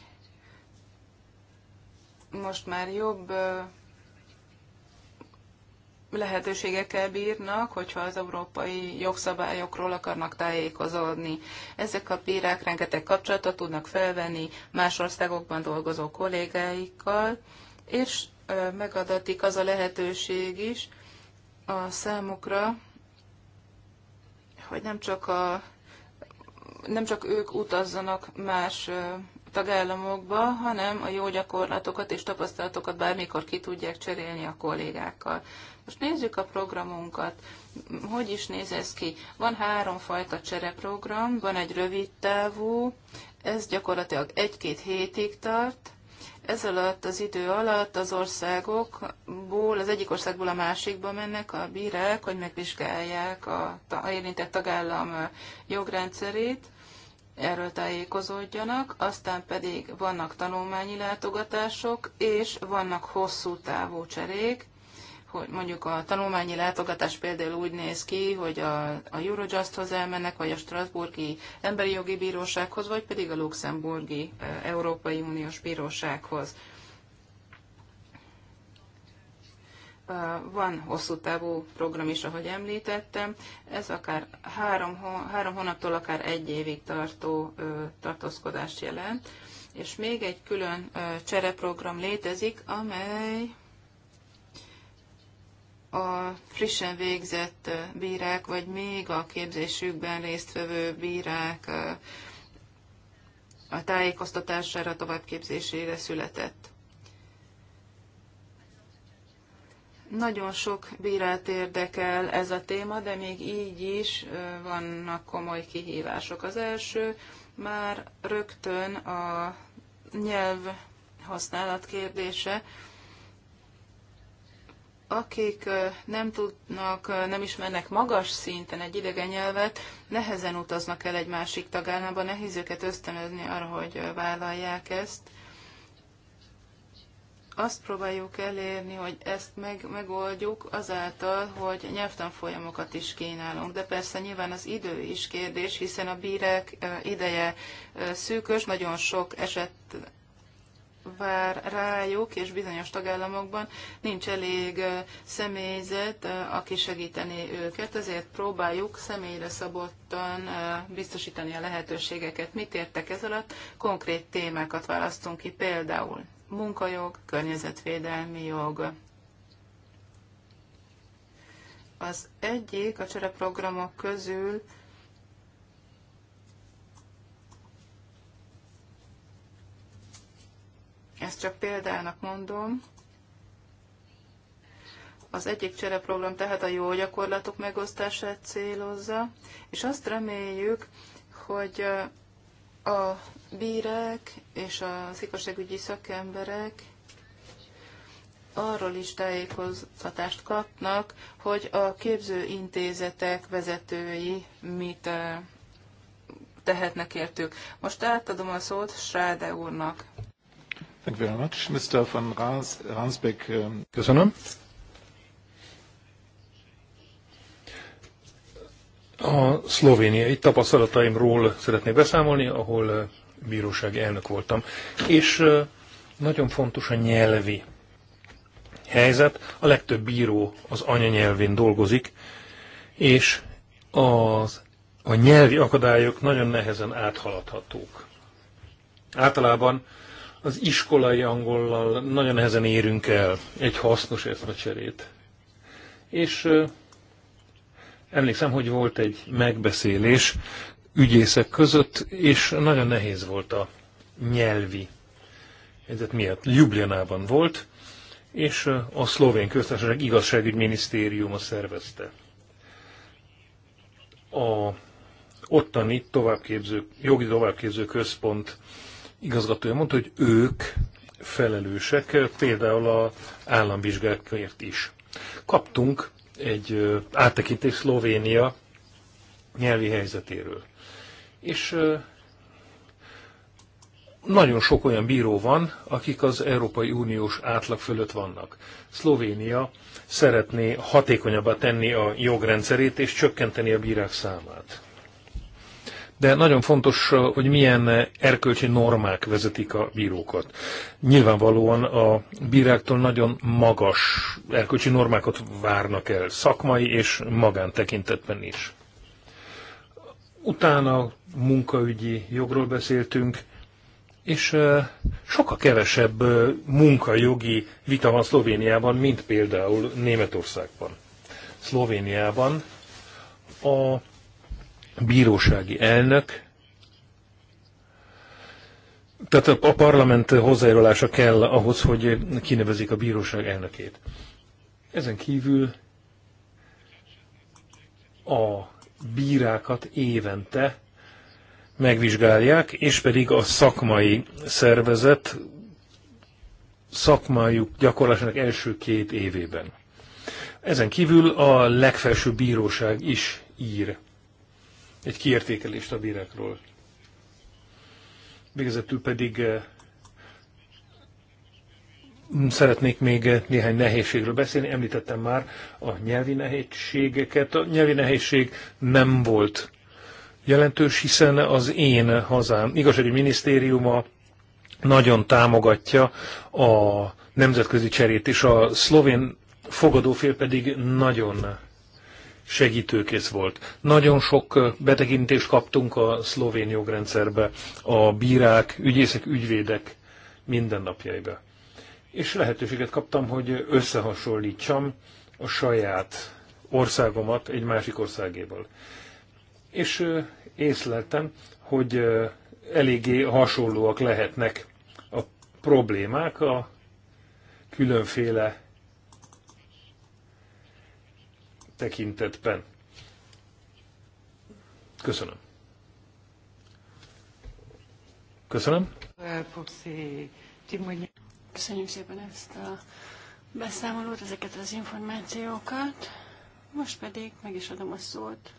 most már jobb lehetőségekkel bírnak, hogyha az európai jogszabályokról akarnak tájékozódni. Ezek a bírák rengeteg kapcsolatot tudnak felvenni más országokban dolgozó kollégáikkal, és megadatik az a lehetőség is a számukra, hogy nem csak a nem csak ők utazzanak más tagállamokba, hanem a jó gyakorlatokat és tapasztalatokat bármikor ki tudják cserélni a kollégákkal. Most nézzük a programunkat. Hogy is néz ez ki? Van háromfajta csereprogram, van egy rövid távú, ez gyakorlatilag egy-két hétig tart, ez alatt az idő alatt az országokból, az egyik országból a másikba mennek a bírák, hogy megvizsgálják a, a érintett tagállam jogrendszerét, erről tájékozódjanak, aztán pedig vannak tanulmányi látogatások, és vannak hosszú távú cserék, hogy mondjuk a tanulmányi látogatás például úgy néz ki, hogy a, a Eurojusthoz elmennek, vagy a Strasburgi Emberi Jogi Bírósághoz, vagy pedig a Luxemburgi e, Európai Uniós Bírósághoz. van hosszú távú program is, ahogy említettem. Ez akár három, három hónaptól akár egy évig tartó tartózkodást jelent. És még egy külön csereprogram létezik, amely a frissen végzett bírák, vagy még a képzésükben résztvevő bírák a tájékoztatására, továbbképzésére született Nagyon sok bírát érdekel ez a téma, de még így is vannak komoly kihívások. Az első már rögtön a nyelv használat kérdése. Akik nem tudnak, nem ismernek magas szinten egy idegen nyelvet, nehezen utaznak el egy másik tagállamba, nehéz őket ösztönözni arra, hogy vállalják ezt azt próbáljuk elérni, hogy ezt meg, megoldjuk azáltal, hogy nyelvtanfolyamokat is kínálunk. De persze nyilván az idő is kérdés, hiszen a bírek ideje szűkös, nagyon sok eset vár rájuk, és bizonyos tagállamokban nincs elég személyzet, aki segíteni őket, ezért próbáljuk személyre szabottan biztosítani a lehetőségeket. Mit értek ez alatt? Konkrét témákat választunk ki például munkajog, környezetvédelmi jog. Az egyik a csereprogramok közül ezt csak példának mondom, az egyik csereprogram tehát a jó gyakorlatok megosztását célozza, és azt reméljük, hogy a bírák és az igazságügyi szakemberek arról is tájékoztatást kapnak, hogy a képzőintézetek vezetői mit eh, tehetnek értük. Most átadom a szót Sráde úrnak. Thank you very much, Mr. van Rans, Ransbeck. Eh. Köszönöm. A szlovéniai tapasztalataimról szeretnék beszámolni, ahol eh, bírósági elnök voltam, és nagyon fontos a nyelvi helyzet. A legtöbb bíró az anyanyelvén dolgozik, és az, a nyelvi akadályok nagyon nehezen áthaladhatók. Általában az iskolai angollal nagyon nehezen érünk el egy hasznos eszmecserét. És emlékszem, hogy volt egy megbeszélés ügyészek között, és nagyon nehéz volt a nyelvi helyzet miatt. Ljubljanában volt, és a szlovén köztársaság igazságügyminisztériuma szervezte. A ottani továbbképző, jogi továbbképző központ igazgatója mondta, hogy ők felelősek például a államvizsgákért is. Kaptunk egy áttekintést Szlovénia nyelvi helyzetéről. És nagyon sok olyan bíró van, akik az Európai Uniós átlag fölött vannak. Szlovénia szeretné hatékonyabbá tenni a jogrendszerét és csökkenteni a bírák számát. De nagyon fontos, hogy milyen erkölcsi normák vezetik a bírókat. Nyilvánvalóan a bíráktól nagyon magas erkölcsi normákat várnak el szakmai és magántekintetben is utána munkaügyi jogról beszéltünk, és sokkal kevesebb munkajogi vita van Szlovéniában, mint például Németországban. Szlovéniában a bírósági elnök, tehát a parlament hozzájárulása kell ahhoz, hogy kinevezik a bíróság elnökét. Ezen kívül a bírákat évente megvizsgálják, és pedig a szakmai szervezet szakmájuk gyakorlásának első két évében. Ezen kívül a legfelső bíróság is ír egy kiértékelést a bírákról. Végezetül pedig eh, Szeretnék még néhány nehézségről beszélni. Említettem már a nyelvi nehézségeket. A nyelvi nehézség nem volt jelentős, hiszen az én hazám igazságügyi minisztériuma nagyon támogatja a nemzetközi cserét, és a szlovén fogadófél pedig nagyon segítőkész volt. Nagyon sok betekintést kaptunk a szlovén jogrendszerbe, a bírák, ügyészek, ügyvédek mindennapjaiba és lehetőséget kaptam, hogy összehasonlítsam a saját országomat egy másik országéből. És észleltem, hogy eléggé hasonlóak lehetnek a problémák, a különféle tekintetben. Köszönöm. Köszönöm. Köszönjük szépen ezt a beszámolót, ezeket az információkat. Most pedig meg is adom a szót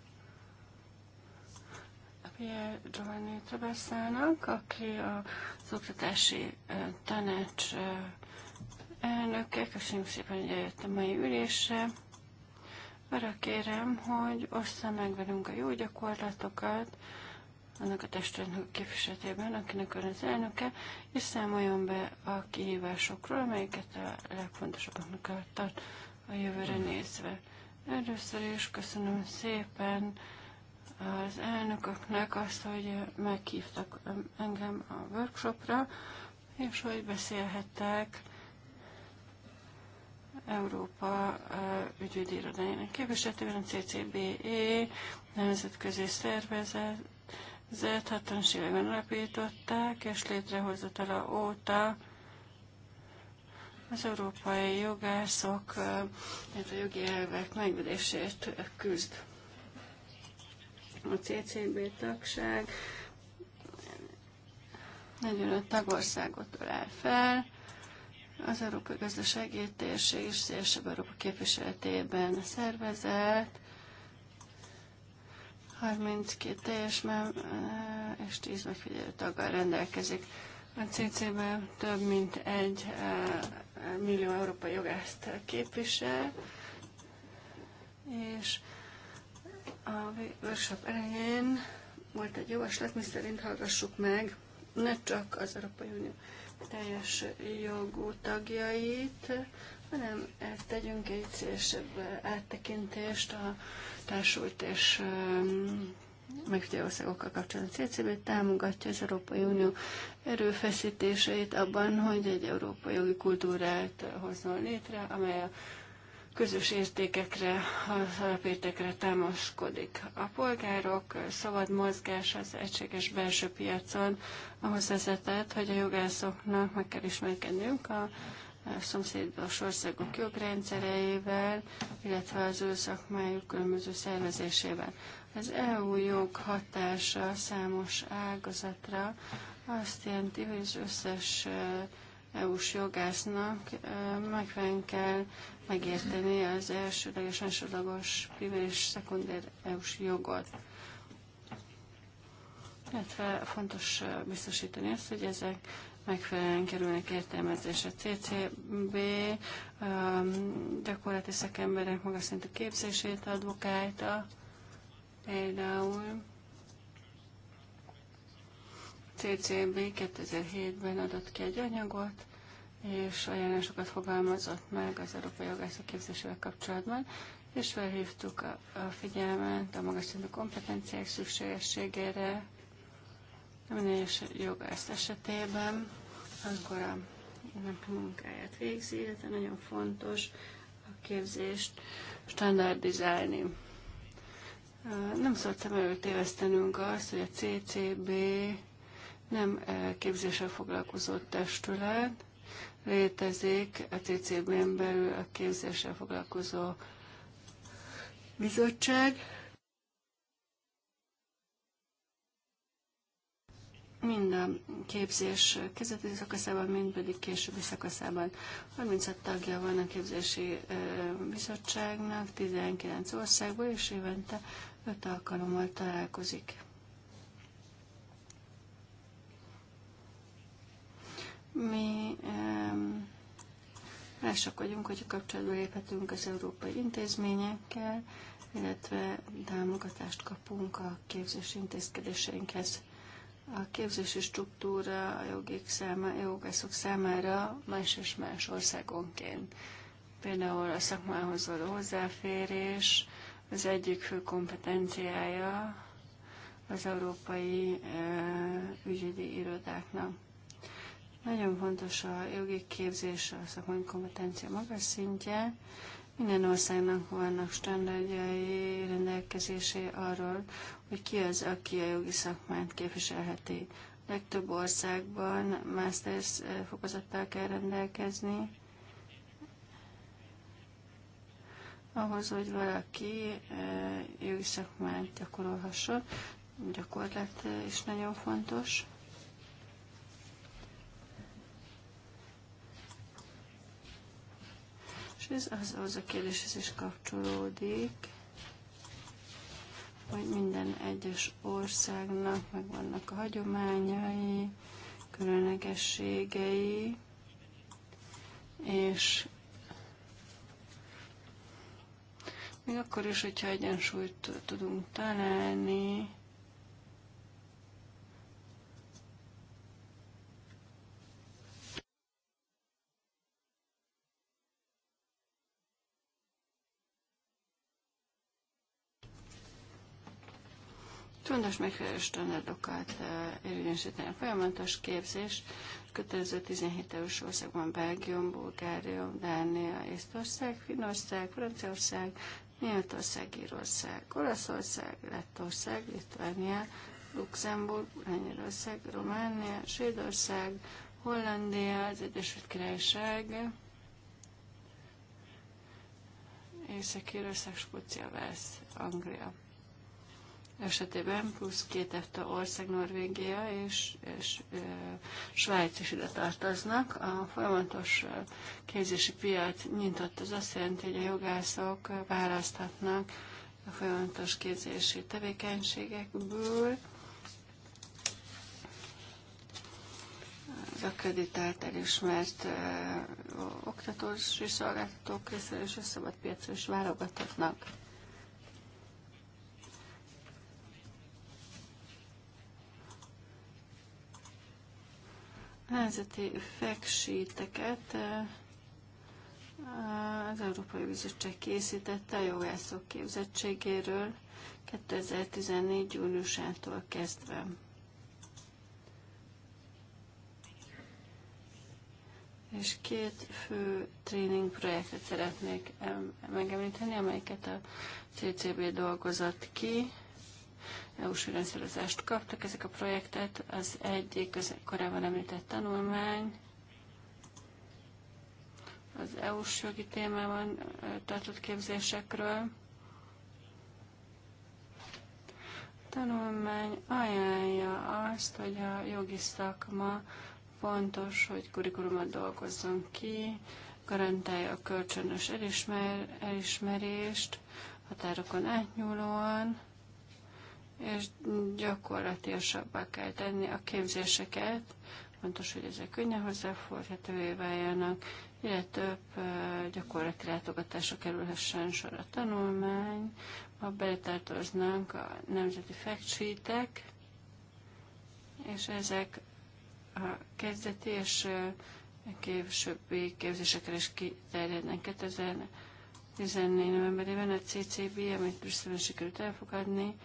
a Pierre Giovanni Traversának, aki a oktatási tanács elnöke. Köszönjük szépen, hogy eljött a mai ülésre. Arra kérem, hogy ossza meg velünk a jó gyakorlatokat, annak a testvérnök képviseletében, akinek ön az elnöke, és számoljon be a kihívásokról, amelyeket a legfontosabbaknak tart a jövőre nézve. Először is köszönöm szépen az elnököknek azt, hogy meghívtak engem a workshopra, és hogy beszélhettek Európa ügyvédi irodájának képviseletében, a CCBE, nemzetközi szervezet, az 70-es és létrehozott el létrehozatala óta az európai jogászok, illetve a jogi elvek megvédését küzd. A CCB tagság 45 tagországot ölel fel, az Európai Gazdasági Térség és Szélesebb Európa képviseletében szervezett, 32 teljes mem és 10 megfigyelő taggal rendelkezik. A CC-ben több mint egy millió európai jogászt képvisel, és a workshop elején volt egy javaslat, mi szerint hallgassuk meg ne csak az Európai Unió teljes jogú tagjait, hanem tegyünk egy szélesebb áttekintést a társult és megfigyelő országokkal kapcsolatban. A CCB támogatja az Európai Unió erőfeszítéseit abban, hogy egy európai jogi kultúrát hozzon létre, amely a közös értékekre, az alapértékre támaszkodik. A polgárok szabad mozgás az egységes belső piacon ahhoz vezetett, hogy a jogászoknak meg kell ismerkedniük a szomszédos országok jogrendszereivel, illetve az ő szakmájuk különböző szervezésével. Az EU jog hatása számos ágazatra azt jelenti, hogy az összes EU-s eh, e jogásznak eh, megfelelően kell megérteni az elsődleges, elsődleges, primér és szekundér EU-s jogot. Illetve fontos eh, biztosítani azt, hogy ezek megfelelően kerülnek értelmezésre. CCB um, gyakorlati szakemberek magas szintű képzését advokálta, például CCB 2007-ben adott ki egy anyagot, és ajánlásokat fogalmazott meg az európai jogászok képzésével kapcsolatban, és felhívtuk a, a figyelmet a magas szintű kompetenciák szükségességére, Mindenes jogász esetében, amikor a napi munkáját végzi, illetve nagyon fontos a képzést standardizálni. Nem szólt szem előtt azt, hogy a CCB nem képzéssel foglalkozó testület, létezik a CCB-n belül a képzéssel foglalkozó bizottság, mind a képzés kezdeti szakaszában, mind pedig későbbi szakaszában. 36 tagja van a képzési bizottságnak, 19 országból, és évente 5 alkalommal találkozik. Mi mások vagyunk, hogy kapcsolatba léphetünk az európai intézményekkel, illetve támogatást kapunk a képzés intézkedéseinkhez. A képzési struktúra a jogik számára, jogászok számára más és más országonként. Például a szakmához való hozzáférés az egyik fő kompetenciája az európai e, ügyügyi irodáknak. Nagyon fontos a jogi képzés, a szakmai kompetencia magas szintje, minden országnak vannak standardjai rendelkezésé arról, hogy ki az, aki a jogi szakmát képviselheti. legtöbb országban masters eh, fokozattal kell rendelkezni, ahhoz, hogy valaki eh, jogi szakmát gyakorolhasson. Gyakorlat eh, is nagyon fontos. És ez az, az a ez is kapcsolódik, hogy minden egyes országnak megvannak a hagyományai, különlegességei, és még akkor is, hogyha egyensúlyt tudunk találni, Fontos megfelelő standardokat érvényesíteni a folyamatos képzés, kötelező 17 eu országban Belgium, Bulgária, Dánia, Észtország, Finnország, Franciaország, Németország, Írország, Olaszország, Lettország, Litvánia, Luxemburg, Lengyelország, Románia, Svédország, Hollandia, az Egyesült Királyság, Észak-Írország, Skócia, Velsz, Anglia esetében, plusz két EFTA ország, Norvégia és, és e, Svájc is ide tartoznak. A folyamatos képzési piac nyitott, az azt jelenti, hogy a jogászok választhatnak a folyamatos képzési tevékenységekből, az akkreditált elismert és szolgáltatók részéről és a szabad piacról is válogathatnak. nemzeti fekséteket eh, az Európai Bizottság készítette a jogászok képzettségéről 2014. júniusától kezdve. És két fő tréning projektet szeretnék megemlíteni, amelyeket a CCB dolgozott ki. EU-s finanszírozást kaptak ezek a projektet. Az egyik az korábban említett tanulmány, az EU-s jogi témában tartott képzésekről. A tanulmány ajánlja azt, hogy a jogi szakma fontos, hogy kurikulumot dolgozzon ki, garantálja a kölcsönös elismer, elismerést határokon átnyúlóan, és gyakorlatilasabbá kell tenni a képzéseket, fontos, hogy ezek könnyen hozzáfordhatóvé váljanak, illetve több gyakorlati látogatásra kerülhessen sor a tanulmány, ha beletartoznánk a nemzeti factsheetek, és ezek a kezdeti és későbbi képzésekre is kiterjednek. 2014 novemberében a CCB, amit Brüsszelben sikerült elfogadni,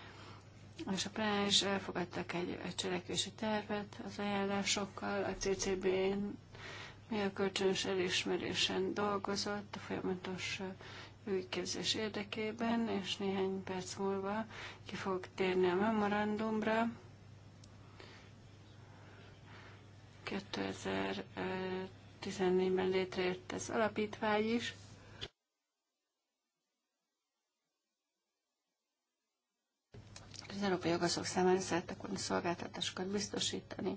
és a plenáris elfogadtak egy, egy cselekvési tervet az ajánlásokkal, a CCB-n mi a kölcsönös elismerésen dolgozott a folyamatos ügykezés érdekében, és néhány perc múlva ki fog térni a memorandumra. 2014-ben létrejött az alapítvány is. az európai jogaszok számára szerettek volna szolgáltatásokat biztosítani,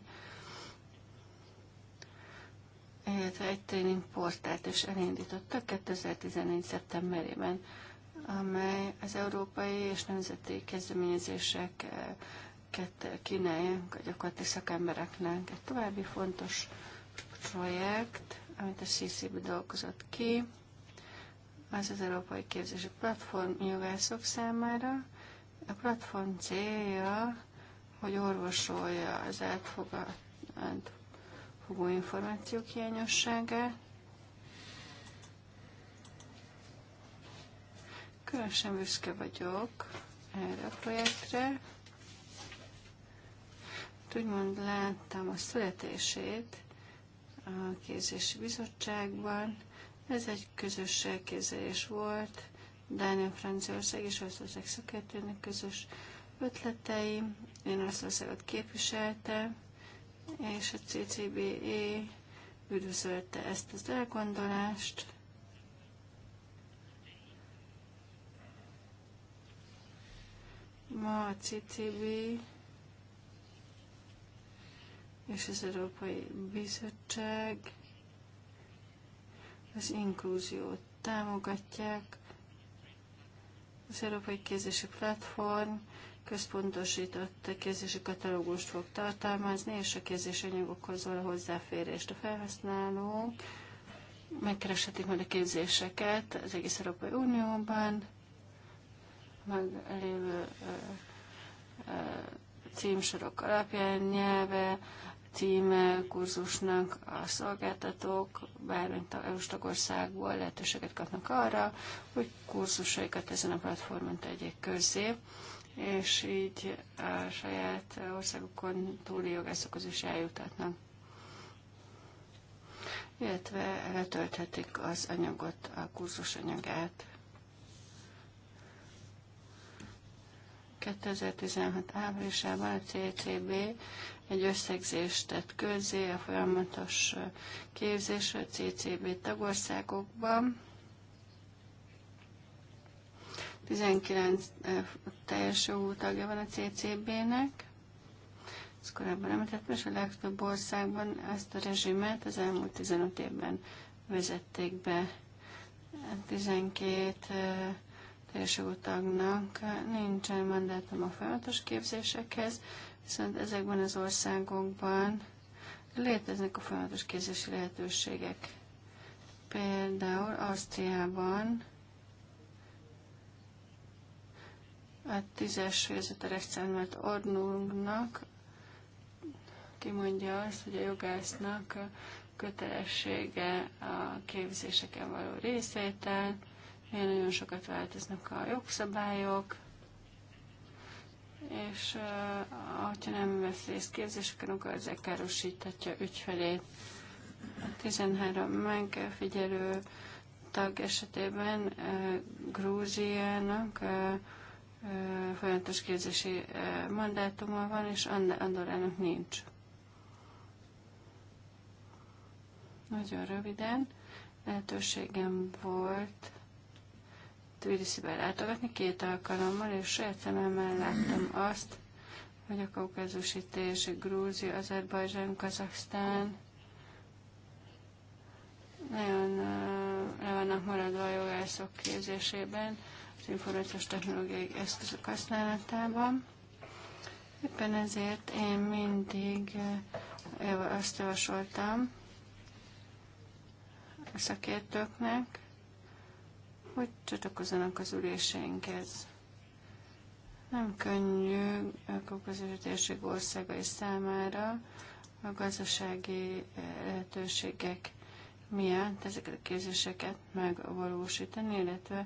illetve egy tréning portált is elindítottak 2014. szeptemberében, amely az európai és nemzeti kezdeményezéseket kínálják a gyakorlati szakembereknek. Egy további fontos projekt, amit a CCB dolgozott ki, az az Európai Képzési Platform jogászok számára, a platform célja, hogy orvosolja az elfogadó információk hiányosságát, Különösen büszke vagyok erre a projektre. Úgymond láttam a születését a kézési bizottságban. Ez egy közös elképzelés volt, Dánia, Franciaország és Olaszország szakértőnek közös ötletei. Én Oroszországot képviselte, és a CCBE üdvözölte ezt az elgondolást. Ma a CCB és az Európai Bizottság az inkluziót támogatják, az Európai Kézési Platform központosított kézési katalógust fog tartalmazni, és a kézési anyagokhoz való hozzáférést a felhasználók. Megkereshetik majd a képzéseket az egész Európai Unióban, meg uh, címsorok alapján nyelve, címe kurzusnak a szolgáltatók bármely EU-s tagországból lehetőséget kapnak arra, hogy kurzusaikat ezen a platformon tegyék közzé, és így a saját országukon túli jogászokhoz is eljutatnak illetve letölthetik az anyagot, a kurzus anyagát. 2016 áprilisában a CCB egy összegzést tett közzé a folyamatos képzésre a CCB tagországokban. 19 teljes jogú tagja van a CCB-nek. Ez korábban említettem, és a legtöbb országban ezt a rezsimet az elmúlt 15 évben vezették be. 12 teljes jogú tagnak nincsen mandátum a folyamatos képzésekhez, Viszont ezekben az országokban léteznek a folyamatos képzési lehetőségek. Például Ausztriában a tízes fejezete Rechtsanwalt Ordnungnak kimondja azt, hogy a jogásznak kötelessége a képzéseken való részvétel, nagyon sokat változnak a jogszabályok, és ha nem vesz részt képzéseken, akkor ezek károsíthatja ügyfelét. A 13 megfigyelő tag esetében Grúziának folyamatos képzési mandátuma van, és Andorának nincs. Nagyon röviden lehetőségem volt Tbilisi-be látogatni két alkalommal, és saját szememmel láttam azt, hogy a kaukázusi térség, Grúzia, Azerbajdzsán, Kazaksztán nagyon le vannak maradva a jogászok képzésében, az információs technológiai eszközök használatában. Éppen ezért én mindig azt javasoltam a szakértőknek, hogy csatlakozzanak az üléseinkhez. Nem könnyű a kaukazói országai számára a gazdasági eh, lehetőségek miatt ezeket a képzéseket megvalósítani, illetve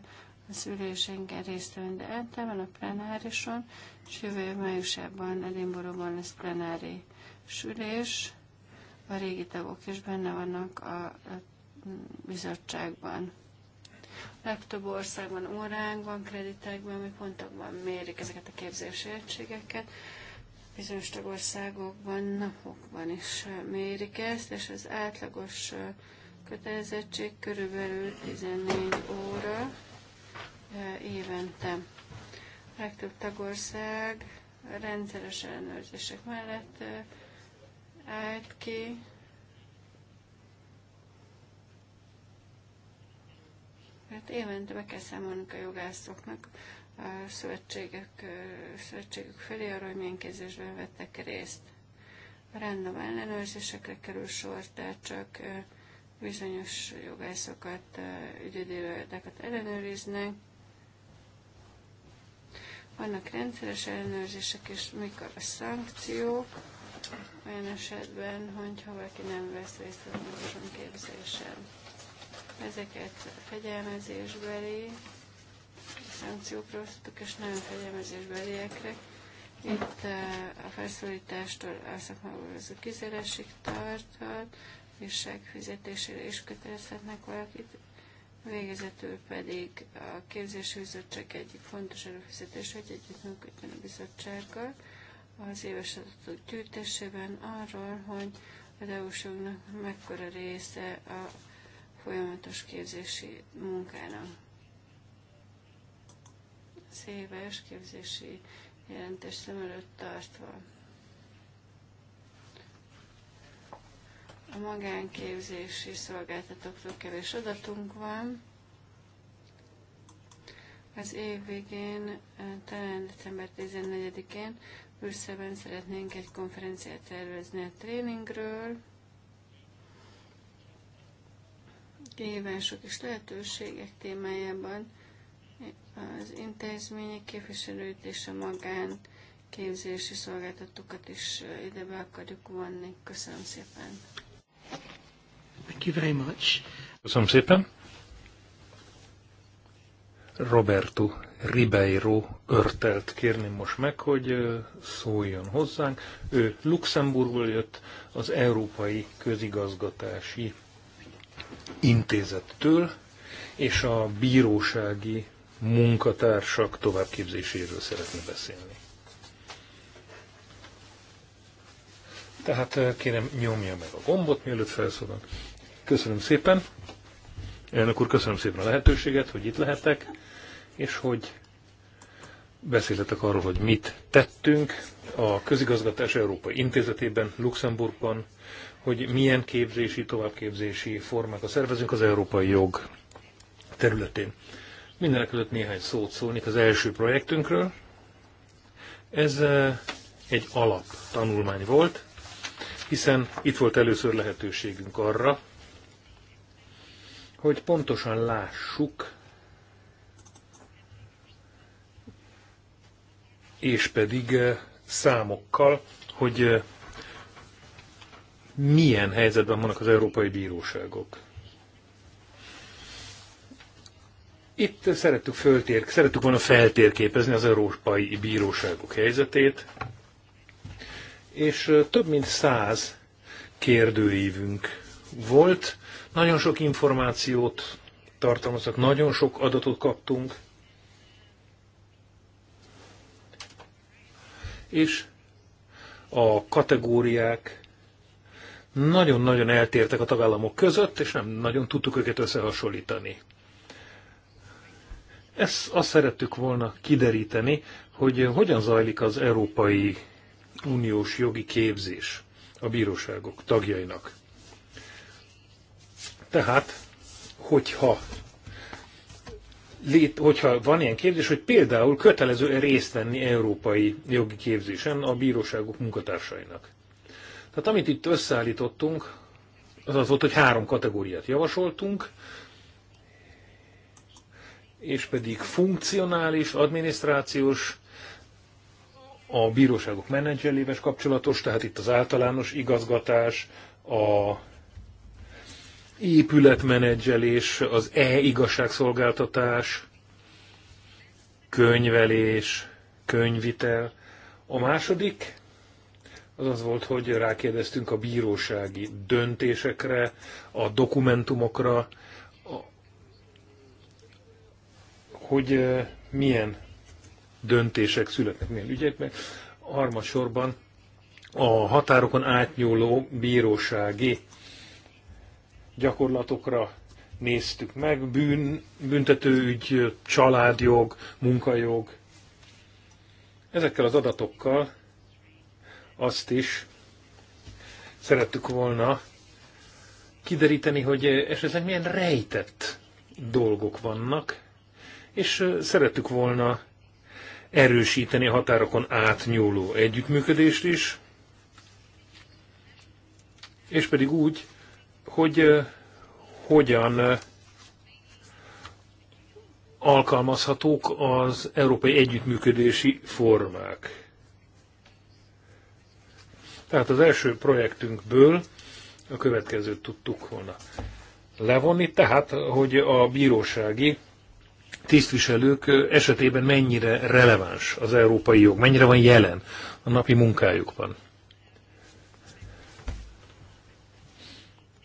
az üléseinken részt venni. De általában a plenárison, és jövő év májusában Edinburghban lesz plenári sülés. A régi tagok is benne vannak a bizottságban. Legtöbb országban óránk van, kreditekben, ami pontokban mérik ezeket a képzési egységeket. Bizonyos tagországokban napokban is mérik ezt, és az átlagos kötelezettség körülbelül 14 óra évente. A legtöbb tagország rendszeres ellenőrzések mellett állt ki, mert évente be kell számolnunk a jogászoknak, a szövetségek, szövetségek felé arra, hogy milyen kezésben vettek részt. A random ellenőrzésekre kerül sor, tehát csak bizonyos jogászokat, ügyedélőeteket ellenőriznek. Vannak rendszeres ellenőrzések, és mik a szankciók olyan esetben, hogyha valaki nem vesz részt a képzésen ezeket fegyelmezésbeli szankcióprosztok és nagyon fegyelmezésbeliekre. Itt eh, a felszólítástól a szakmához a kizárásig tartott, bírság fizetésére is kötelezhetnek valakit, végezetül pedig a képzési bizottság egyik fontos előfizetés, hogy együttműködjön a bizottsággal az éves adatok gyűjtésében arról, hogy az EU-soknak mekkora része a folyamatos képzési munkára. Széves képzési jelentés szem előtt tartva. A magánképzési szolgáltatóktól kevés adatunk van. Az év végén, talán december 14-én Brüsszelben szeretnénk egy konferenciát tervezni a tréningről. kihívások és lehetőségek témájában az intézmények képviselőit és a magán képzési szolgáltatókat is ide be akarjuk vonni. Köszönöm szépen. Thank you very much. Köszönöm szépen. Roberto Ribeiro örtelt kérném most meg, hogy szóljon hozzánk. Ő Luxemburgból jött az Európai Közigazgatási Intézettől és a bírósági munkatársak továbbképzéséről szeretne beszélni. Tehát eh, kérem, nyomja meg a gombot, mielőtt felszólal. Köszönöm szépen. Elnök úr, köszönöm szépen a lehetőséget, hogy itt lehetek, és hogy beszélhetek arról, hogy mit tettünk a Közigazgatás Európai Intézetében, Luxemburgban, hogy milyen képzési, továbbképzési a szervezünk az európai jog területén. Mindenek előtt néhány szót szólnék az első projektünkről. Ez eh, egy alap tanulmány volt, hiszen itt volt először lehetőségünk arra, hogy pontosan lássuk, és pedig eh, számokkal, hogy eh, milyen helyzetben vannak az európai bíróságok. Itt szerettük, föltér, szerettük volna feltérképezni az európai bíróságok helyzetét, és több mint száz kérdőívünk volt, nagyon sok információt tartalmaztak, nagyon sok adatot kaptunk, és a kategóriák nagyon-nagyon eltértek a tagállamok között, és nem nagyon tudtuk őket összehasonlítani. Ezt azt szerettük volna kideríteni, hogy hogyan zajlik az Európai Uniós jogi képzés a bíróságok tagjainak. Tehát, hogyha, lét, hogyha van ilyen képzés, hogy például kötelező -e részt venni európai jogi képzésen a bíróságok munkatársainak. Tehát amit itt összeállítottunk, az az volt, hogy három kategóriát javasoltunk, és pedig funkcionális, adminisztrációs, a bíróságok menedzseléves kapcsolatos, tehát itt az általános igazgatás, a épületmenedzselés, az e-igazságszolgáltatás, könyvelés, könyvitel. A második az az volt, hogy rákérdeztünk a bírósági döntésekre, a dokumentumokra, hogy milyen döntések születnek, milyen ügyekben. Harmadsorban a határokon átnyúló bírósági gyakorlatokra néztük meg, bűn, büntetőügy, családjog, munkajog. Ezekkel az adatokkal azt is szerettük volna kideríteni, hogy esetleg milyen rejtett dolgok vannak, és szerettük volna erősíteni a határokon átnyúló együttműködést is, és pedig úgy, hogy hogyan alkalmazhatók az európai együttműködési formák. Tehát az első projektünkből a következőt tudtuk volna levonni, tehát hogy a bírósági tisztviselők esetében mennyire releváns az európai jog, mennyire van jelen a napi munkájukban.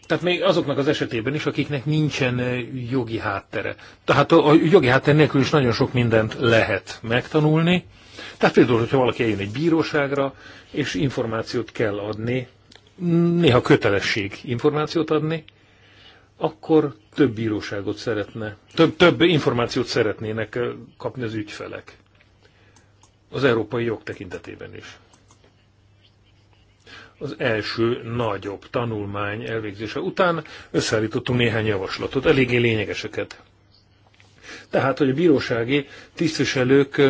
Tehát még azoknak az esetében is, akiknek nincsen jogi háttere. Tehát a, a jogi háttér nélkül is nagyon sok mindent lehet megtanulni, tehát például, hogyha valaki eljön egy bíróságra, és információt kell adni, néha kötelesség információt adni, akkor több bíróságot szeretne, több, több információt szeretnének kapni az ügyfelek. Az európai jog tekintetében is. Az első nagyobb tanulmány elvégzése után összeállítottunk néhány javaslatot, eléggé lényegeseket. Tehát, hogy a bírósági tisztviselők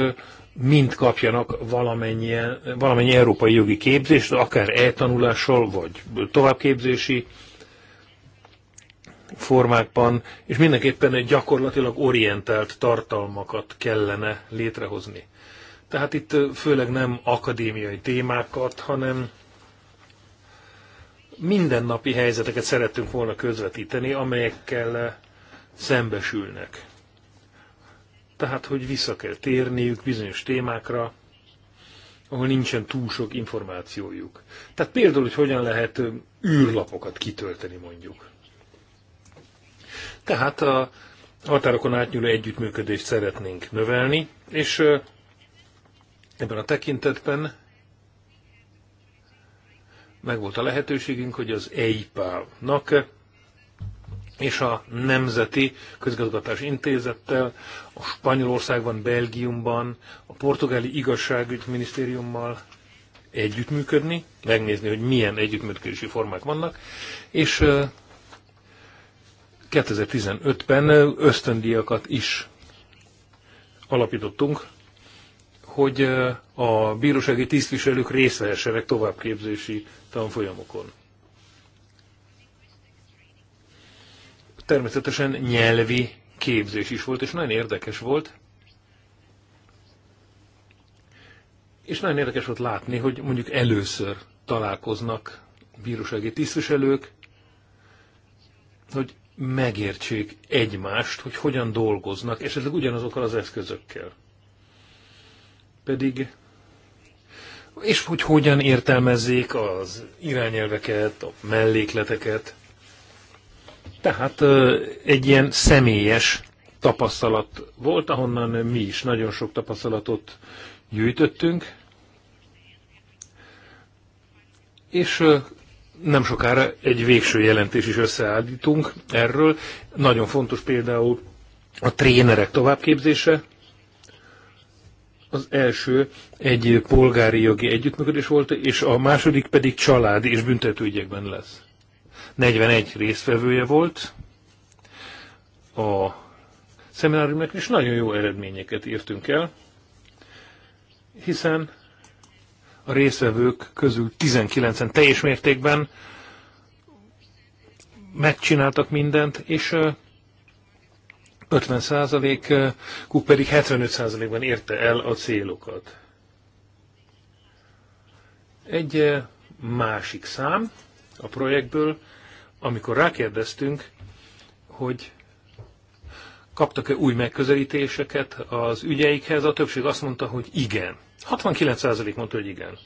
mind kapjanak valamennyien, valamennyi európai jogi képzést, akár e-tanulással, vagy továbbképzési formákban, és mindenképpen gyakorlatilag orientált tartalmakat kellene létrehozni. Tehát itt főleg nem akadémiai témákat, hanem mindennapi helyzeteket szerettünk volna közvetíteni, amelyekkel szembesülnek tehát hogy vissza kell térniük bizonyos témákra, ahol nincsen túl sok információjuk. Tehát például, hogy hogyan lehet űrlapokat kitölteni mondjuk. Tehát a határokon átnyúló együttműködést szeretnénk növelni, és ebben a tekintetben megvolt a lehetőségünk, hogy az EIPA-nak és a Nemzeti Közgazgatási Intézettel, a Spanyolországban, Belgiumban, a Portugáli Igazságügyminisztériummal együttműködni, megnézni, hogy milyen együttműködési formák vannak, és 2015-ben ösztöndíjakat is alapítottunk, hogy a bírósági tisztviselők részvehessenek továbbképzési tanfolyamokon. természetesen nyelvi képzés is volt, és nagyon érdekes volt. És nagyon érdekes volt látni, hogy mondjuk először találkoznak bírósági tisztviselők, hogy megértsék egymást, hogy hogyan dolgoznak, esetleg ugyanazokkal az eszközökkel. Pedig, és hogy hogyan értelmezzék az irányelveket, a mellékleteket. Tehát egy ilyen személyes tapasztalat volt, ahonnan mi is nagyon sok tapasztalatot gyűjtöttünk, és nem sokára egy végső jelentés is összeállítunk erről. Nagyon fontos például a trénerek továbbképzése. Az első egy polgári jogi együttműködés volt, és a második pedig családi és büntetőügyekben lesz. 41 résztvevője volt a szemináriumnak, és nagyon jó eredményeket írtunk el, hiszen a résztvevők közül 19-en teljes mértékben megcsináltak mindent, és 50%-uk pedig 75%-ban érte el a célokat. Egy másik szám a projektből amikor rákérdeztünk, hogy kaptak-e új megközelítéseket az ügyeikhez, a többség azt mondta, hogy igen. 69% mondta, hogy igen.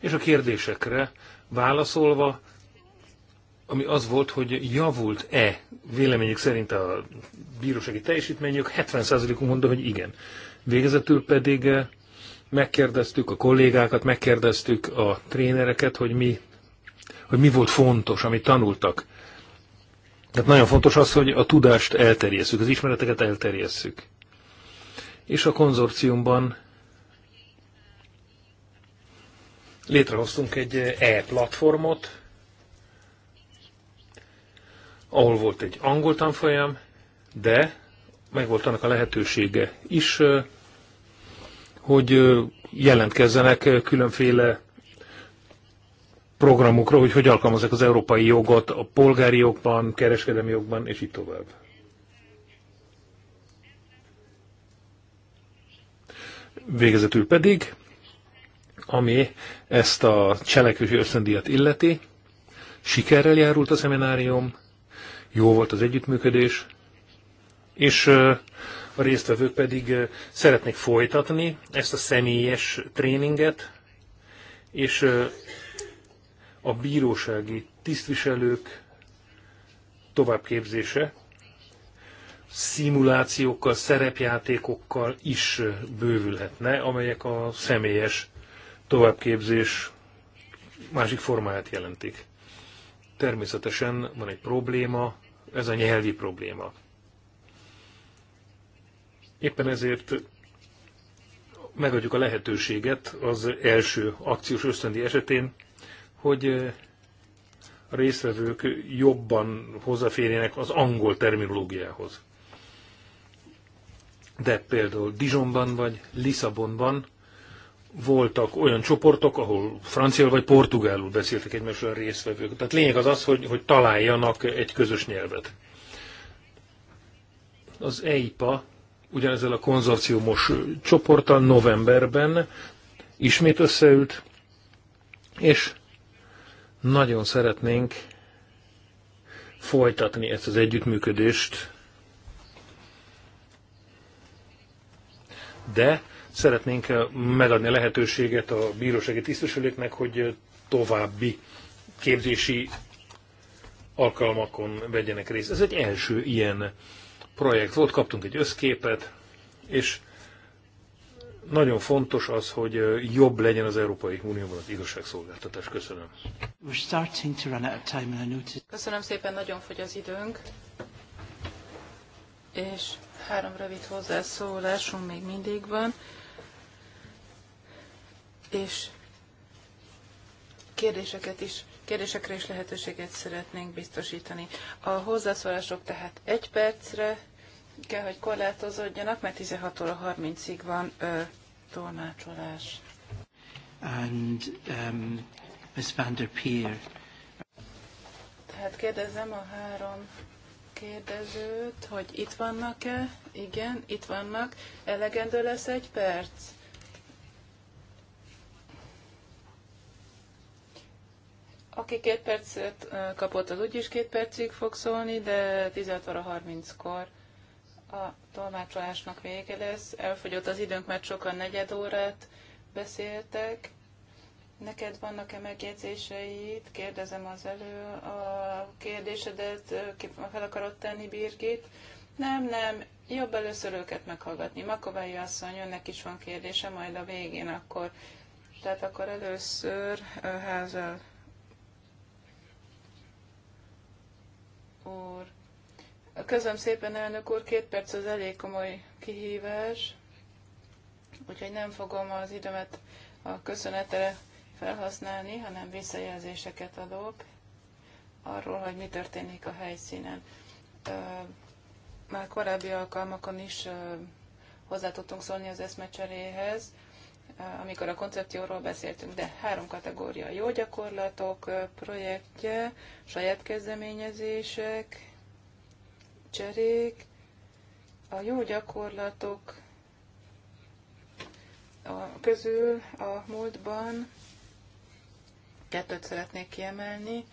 És a kérdésekre válaszolva, ami az volt, hogy javult-e véleményük szerint a bírósági teljesítményük, 70%-uk mondta, hogy igen. Végezetül pedig eh, megkérdeztük a kollégákat, megkérdeztük a trénereket, hogy mi hogy mi volt fontos, amit tanultak. Tehát nagyon fontos az, hogy a tudást elterjesszük, az ismereteket elterjesszük. És a konzorciumban létrehoztunk egy e-platformot, ahol volt egy angol tanfolyam, de megvolt annak a lehetősége is, hogy jelentkezzenek különféle programokra, hogy hogy alkalmazzák az európai jogot a polgári jogban, kereskedelmi jogban, és így tovább. Végezetül pedig, ami ezt a cselekvési összendíjat illeti, sikerrel járult a szeminárium, jó volt az együttműködés, és a résztvevők pedig szeretnék folytatni ezt a személyes tréninget, és a bírósági tisztviselők továbbképzése szimulációkkal, szerepjátékokkal is bővülhetne, amelyek a személyes továbbképzés másik formáját jelentik. Természetesen van egy probléma, ez a nyelvi probléma. Éppen ezért megadjuk a lehetőséget az első akciós ösztöndi esetén hogy a résztvevők jobban hozzáférjenek az angol terminológiához. De például Dijonban vagy Lisszabonban voltak olyan csoportok, ahol franciául vagy portugálul beszéltek egymás olyan résztvevők. Tehát lényeg az az, hogy, hogy találjanak egy közös nyelvet. Az EIPA ugyanezzel a konzorciumos csoporttal novemberben ismét összeült, és nagyon szeretnénk folytatni ezt az együttműködést, de szeretnénk megadni a lehetőséget a bírósági tisztviselőknek, hogy további képzési alkalmakon vegyenek részt. Ez egy első ilyen projekt volt, kaptunk egy összképet, és nagyon fontos az, hogy jobb legyen az Európai Unióban az igazságszolgáltatás. Köszönöm. Köszönöm szépen, nagyon fogy az időnk. És három rövid hozzászólásunk még mindig van. És kérdéseket is, kérdésekre is lehetőséget szeretnénk biztosítani. A hozzászólások tehát egy percre kell, hogy korlátozódjanak, mert 16 óra 30-ig van ö, tolmácsolás. And um, Ms. Van der Peer. Tehát kérdezem a három kérdezőt, hogy itt vannak-e? Igen, itt vannak. Elegendő lesz egy perc? Aki két percet kapott, az úgyis két percig fog szólni, de 16 óra 30-kor a tolmácsolásnak vége lesz. Elfogyott az időnk, mert sokan negyed órát beszéltek. Neked vannak-e megjegyzéseid? Kérdezem az elő a kérdésedet, fel akarod tenni Birgit? Nem, nem, jobb először őket meghallgatni. Makovai asszony, önnek is van kérdése, majd a végén akkor. Tehát akkor először házal. úr. Köszönöm szépen, elnök úr, két perc az elég komoly kihívás, úgyhogy nem fogom az időmet a köszönetre felhasználni, hanem visszajelzéseket adok arról, hogy mi történik a helyszínen. Már korábbi alkalmakon is hozzá tudtunk szólni az eszmecseréhez, amikor a koncepcióról beszéltünk, de három kategória. Jó gyakorlatok projektje, saját kezdeményezések cserék, a jó gyakorlatok a közül a múltban kettőt szeretnék kiemelni.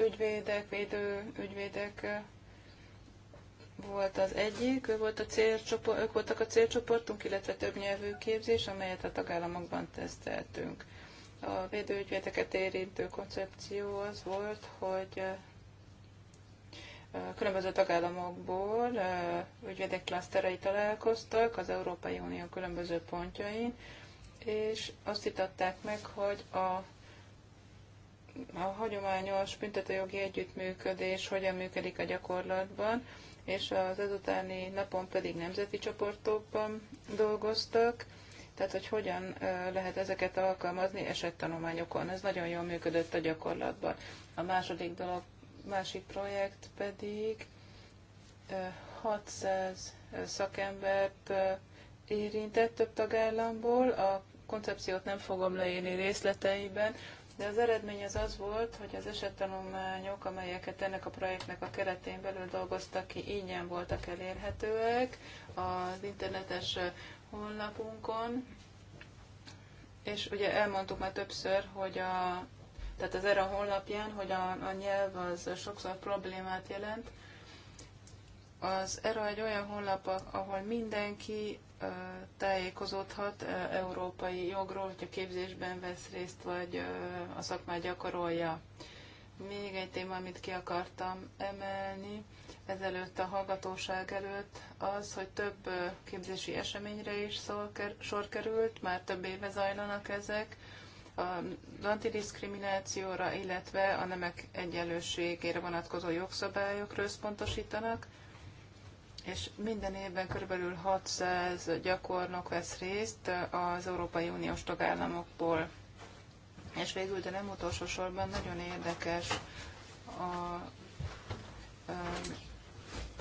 Ügyvédek, védő ügyvédek volt az egyik, ő volt a célcsoport, ők voltak a célcsoportunk, illetve több nyelvű képzés, amelyet a tagállamokban teszteltünk. A védőügyvédeket érintő koncepció az volt, hogy különböző tagállamokból ügyvédek klaszterei találkoztak az Európai Unió különböző pontjain, és azt hitatták meg, hogy a a hagyományos büntetőjogi együttműködés hogyan működik a gyakorlatban, és az ezutáni napon pedig nemzeti csoportokban dolgoztak, tehát hogy hogyan lehet ezeket alkalmazni esettanományokon. Ez nagyon jól működött a gyakorlatban. A második dolog másik projekt pedig 600 szakembert érintett több tagállamból. A koncepciót nem fogom leírni részleteiben, de az eredmény az az volt, hogy az esettanulmányok, amelyeket ennek a projektnek a keretén belül dolgoztak ki, ingyen voltak elérhetőek az internetes honlapunkon, és ugye elmondtuk már többször, hogy a tehát az a honlapján, hogy a, a nyelv az sokszor problémát jelent. Az erre egy olyan honlap, ahol mindenki tájékozódhat európai jogról, hogyha képzésben vesz részt, vagy a szakmát gyakorolja. Még egy téma, amit ki akartam emelni ezelőtt a hallgatóság előtt, az, hogy több képzési eseményre is sor került, már több éve zajlanak ezek, a antidiszkriminációra, illetve a nemek egyenlőségére vonatkozó jogszabályokra összpontosítanak, és minden évben körülbelül 600 gyakornok vesz részt az Európai Uniós tagállamokból. És végül, de nem utolsó sorban nagyon érdekes a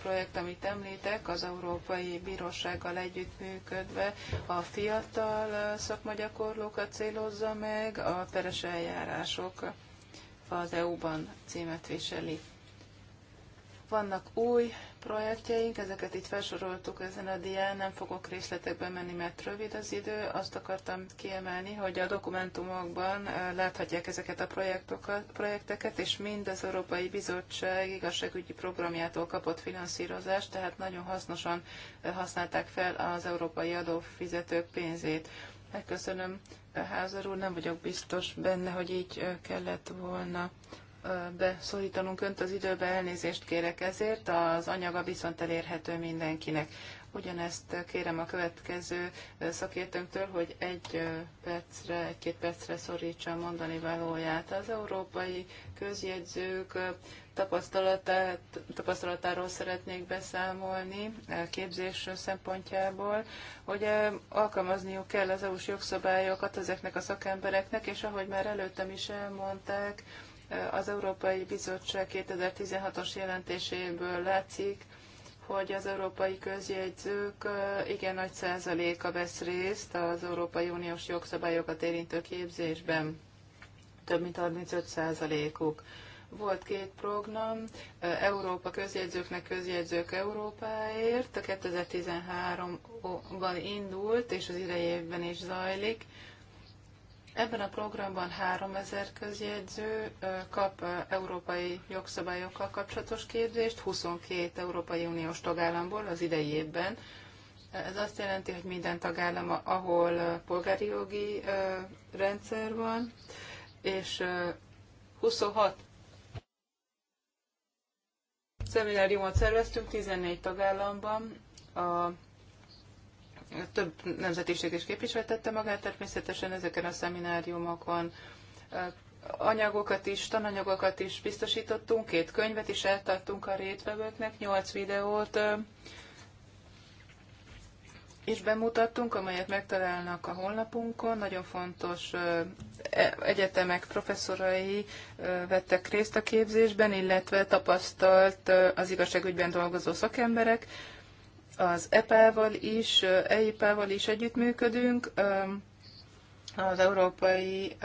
projekt, amit említek, az Európai Bírósággal együttműködve a fiatal szakmagyakorlókat célozza meg, a peres eljárások az EU-ban címet viseli. Vannak új projektjeink, ezeket itt felsoroltuk ezen a dián, nem fogok részletekbe menni, mert rövid az idő. Azt akartam kiemelni, hogy a dokumentumokban láthatják ezeket a projekteket, és mind az Európai Bizottság igazságügyi programjától kapott finanszírozást, tehát nagyon hasznosan használták fel az európai adófizetők pénzét. Megköszönöm, Házar úr, nem vagyok biztos benne, hogy így kellett volna beszorítanunk önt az időbe, elnézést kérek ezért, az anyaga viszont elérhető mindenkinek. Ugyanezt kérem a következő szakértőnktől, hogy egy percre, egy-két percre szorítsa a mondani valóját. Az európai közjegyzők tapasztalatáról szeretnék beszámolni képzés szempontjából, hogy alkalmazniuk kell az EU-s jogszabályokat ezeknek a szakembereknek, és ahogy már előttem is elmondták, az Európai Bizottság 2016-os jelentéséből látszik, hogy az európai közjegyzők igen nagy százaléka vesz részt az Európai Uniós jogszabályokat érintő képzésben, több mint 35 százalékuk. Volt két program, Európa közjegyzőknek közjegyzők Európáért, a 2013-ban indult, és az idejében is zajlik. Ebben a programban 3000 közjegyző kap európai jogszabályokkal kapcsolatos képzést 22 Európai Uniós tagállamból az idei évben. Ez azt jelenti, hogy minden tagállam, ahol polgári jogi rendszer van, és 26 szemináriumot szerveztünk 14 tagállamban a több nemzetiség is képviseltette magát természetesen ezeken a szemináriumokon. Anyagokat is, tananyagokat is biztosítottunk, két könyvet is eltartunk a rétvevőknek, nyolc videót is bemutattunk, amelyet megtalálnak a honlapunkon. Nagyon fontos e, egyetemek professzorai vettek részt a képzésben, illetve tapasztalt az igazságügyben dolgozó szakemberek az EPA-val is, EIPA-val is együttműködünk, az Európai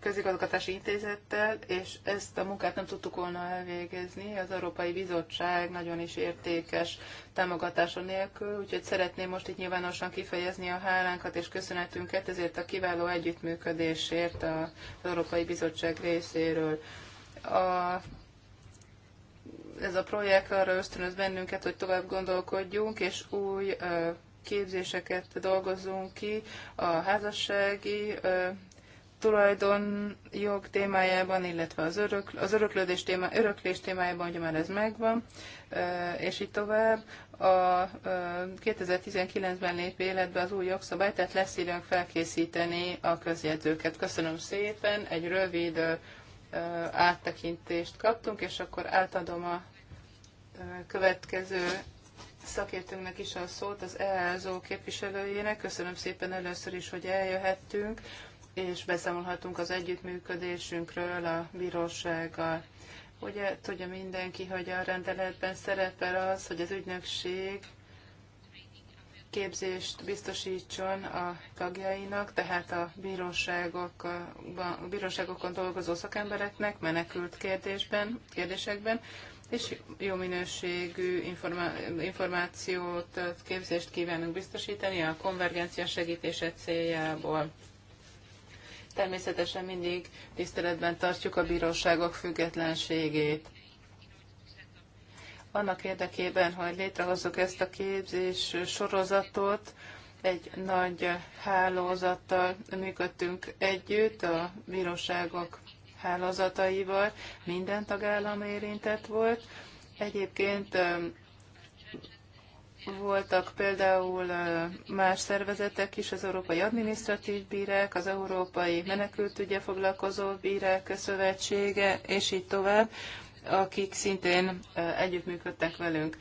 Közigazgatási Intézettel, és ezt a munkát nem tudtuk volna elvégezni. Az Európai Bizottság nagyon is értékes támogatása nélkül, úgyhogy szeretném most itt nyilvánosan kifejezni a hálánkat és köszönetünket ezért a kiváló együttműködésért az Európai Bizottság részéről. A ez a projekt arra ösztönöz bennünket, hogy tovább gondolkodjunk, és új képzéseket dolgozzunk ki a házassági tulajdonjog témájában, illetve az, örök, az öröklődés téma, öröklés témájában, ugye már ez megvan, és így tovább. A 2019-ben lép életbe az új jogszabály, tehát lesz időnk felkészíteni a közjegyzőket. Köszönöm szépen, egy rövid áttekintést kaptunk, és akkor átadom a következő szakértőnknek is a szót, az EASO képviselőjének. Köszönöm szépen először is, hogy eljöhettünk, és beszámolhatunk az együttműködésünkről a bírósággal. Ugye tudja mindenki, hogy a rendeletben szerepel az, hogy az ügynökség képzést biztosítson a tagjainak, tehát a, bíróságokban a bíróságokon dolgozó szakembereknek menekült kérdésben, kérdésekben, és jó minőségű információt, képzést kívánunk biztosítani a konvergencia segítése céljából. Természetesen mindig tiszteletben tartjuk a bíróságok függetlenségét annak érdekében, hogy létrehozzuk ezt a képzés sorozatot, egy nagy hálózattal működtünk együtt, a bíróságok hálózataival, minden tagállam érintett volt. Egyébként voltak például más szervezetek is, az Európai Adminisztratív Bírák, az Európai Menekültügye Foglalkozó Bírák Szövetsége, és így tovább akik szintén együttműködtek velünk.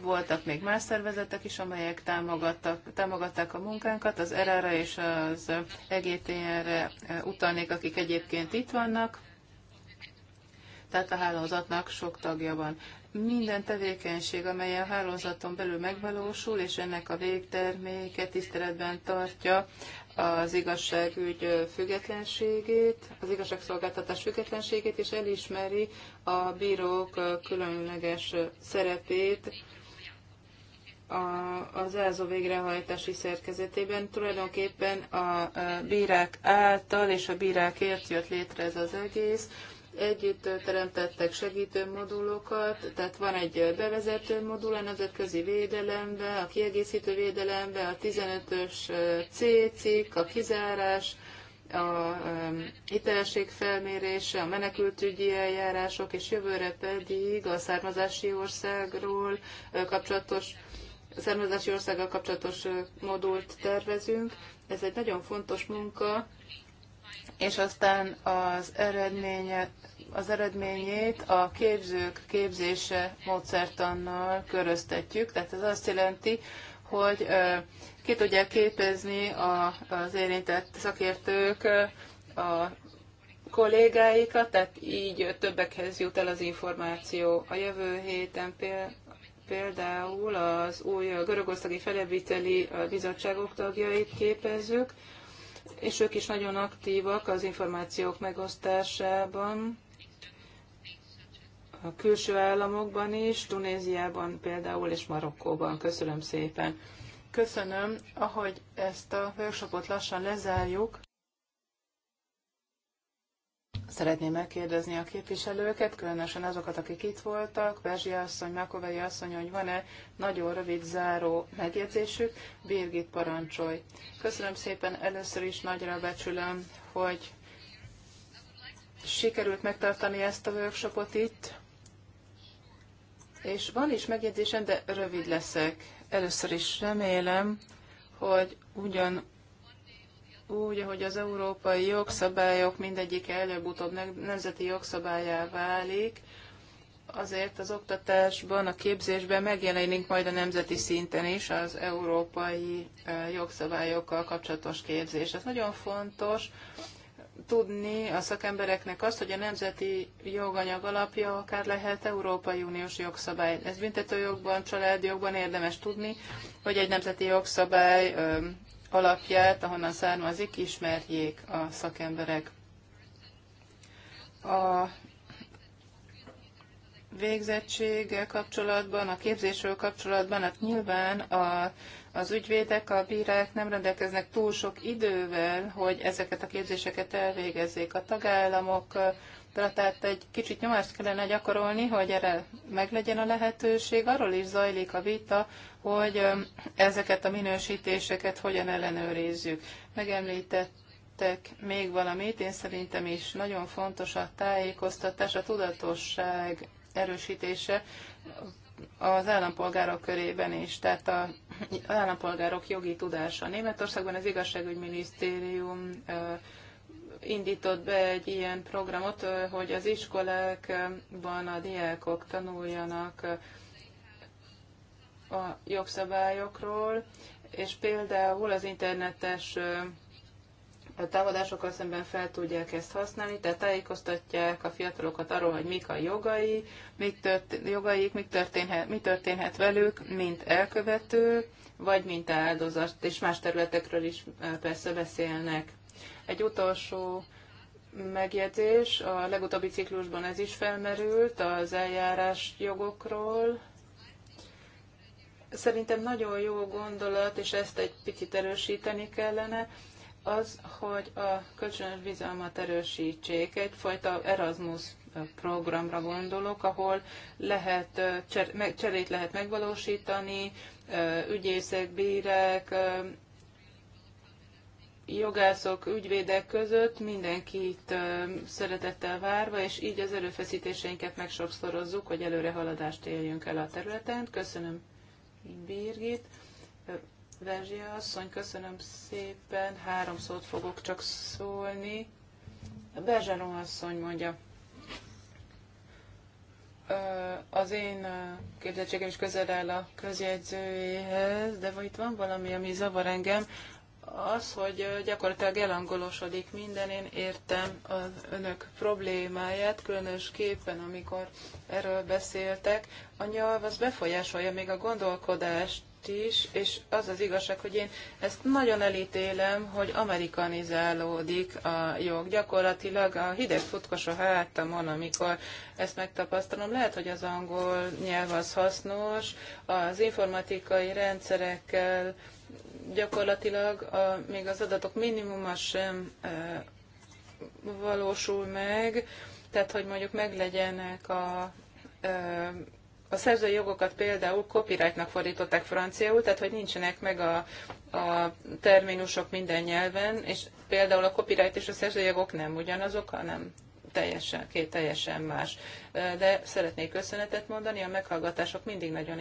Voltak még más szervezetek is, amelyek támogattak, támogatták a munkánkat, az rr és az EGTN-re utalnék, akik egyébként itt vannak. Tehát a hálózatnak sok tagja van minden tevékenység, amely a hálózaton belül megvalósul, és ennek a végterméke tiszteletben tartja az igazságügy függetlenségét, az igazságszolgáltatás függetlenségét, és elismeri a bírók különleges szerepét az ELZO végrehajtási szerkezetében. Tulajdonképpen a bírák által és a bírákért jött létre ez az egész Együtt teremtettek segítő modulokat, tehát van egy bevezető modul a nemzetközi védelembe, a kiegészítő védelembe, a 15-ös C cikk, a kizárás, a hitelesség felmérése, a menekültügyi eljárások, és jövőre pedig a származási országról kapcsolatos a származási országgal kapcsolatos modult tervezünk. Ez egy nagyon fontos munka, és aztán az az eredményét a képzők képzése módszertannal köröztetjük, tehát ez azt jelenti, hogy ki tudják képezni az érintett szakértők a kollégáikat, tehát így többekhez jut el az információ. A jövő héten például az új görögországi felebíteli bizottságok tagjait képezzük, és ők is nagyon aktívak az információk megosztásában, a külső államokban is, Tunéziában például és Marokkóban. Köszönöm szépen. Köszönöm, ahogy ezt a workshopot lassan lezárjuk, Szeretném megkérdezni a képviselőket, különösen azokat, akik itt voltak, Bezsi asszony, Makovei asszony, hogy van-e nagyon rövid záró megjegyzésük. Birgit parancsolj. Köszönöm szépen, először is nagyra becsülöm, hogy sikerült megtartani ezt a workshopot itt. És van is megjegyzésem, de rövid leszek. Először is remélem, hogy ugyan úgy, ahogy az európai jogszabályok mindegyike előbb-utóbb nemzeti jogszabályá válik, azért az oktatásban, a képzésben megjelenik majd a nemzeti szinten is az európai jogszabályokkal kapcsolatos képzés. Ez nagyon fontos tudni a szakembereknek azt, hogy a nemzeti joganyag alapja akár lehet Európai Uniós jogszabály. Ez büntetőjogban, családjogban érdemes tudni, hogy egy nemzeti jogszabály alapját, ahonnan származik, ismerjék a szakemberek. A végzettség kapcsolatban, a képzésről kapcsolatban, hát nyilván a, az ügyvédek, a bírák nem rendelkeznek túl sok idővel, hogy ezeket a képzéseket elvégezzék. A tagállamok hát tehát egy kicsit nyomást kellene gyakorolni, hogy erre meglegyen a lehetőség. Arról is zajlik a vita, hogy ezeket a minősítéseket hogyan ellenőrizzük. Megemlítettek még valamit, én szerintem is nagyon fontos a tájékoztatás, a tudatosság erősítése az állampolgárok körében is, tehát a állampolgárok jogi tudása. Németországban az igazságügyminisztérium indított be egy ilyen programot, hogy az iskolákban a diákok tanuljanak a jogszabályokról, és például az internetes a támadásokkal szemben fel tudják ezt használni, tehát tájékoztatják a fiatalokat arról, hogy mik a jogai, mik történ- jogaik, mik történhet, mi történhet velük, mint elkövető, vagy mint áldozat, és más területekről is persze beszélnek. Egy utolsó megjegyzés, a legutóbbi ciklusban ez is felmerült, az eljárás jogokról, Szerintem nagyon jó gondolat, és ezt egy picit erősíteni kellene, az, hogy a kölcsönös bizalmat erősítsék. Egyfajta Erasmus programra gondolok, ahol lehet, cser, cserét lehet megvalósítani, ügyészek, bírek, jogászok, ügyvédek között mindenkit szeretettel várva, és így az erőfeszítéseinket megsokszorozzuk, hogy előre haladást éljünk el a területen. Köszönöm. Birgit. Verzsia asszony, köszönöm szépen, három szót fogok csak szólni. Berzsanó asszony mondja, az én képzettségem is közel áll a közjegyzőjéhez, de itt van valami, ami zavar engem az, hogy gyakorlatilag elangolosodik minden, én értem az önök problémáját, különösképpen, amikor erről beszéltek. A nyelv az befolyásolja még a gondolkodást is, és az az igazság, hogy én ezt nagyon elítélem, hogy amerikanizálódik a jog. Gyakorlatilag a hideg futkos a hátamon, amikor ezt megtapasztalom. Lehet, hogy az angol nyelv az hasznos, az informatikai rendszerekkel, gyakorlatilag a, még az adatok minimuma sem e, valósul meg, tehát hogy mondjuk meglegyenek a e, a szerzői jogokat például copyrightnak fordították franciául, tehát hogy nincsenek meg a, a terminusok minden nyelven, és például a copyright és a szerzői jogok nem ugyanazok, hanem teljesen, két teljesen más. De szeretnék köszönetet mondani, a meghallgatások mindig nagyon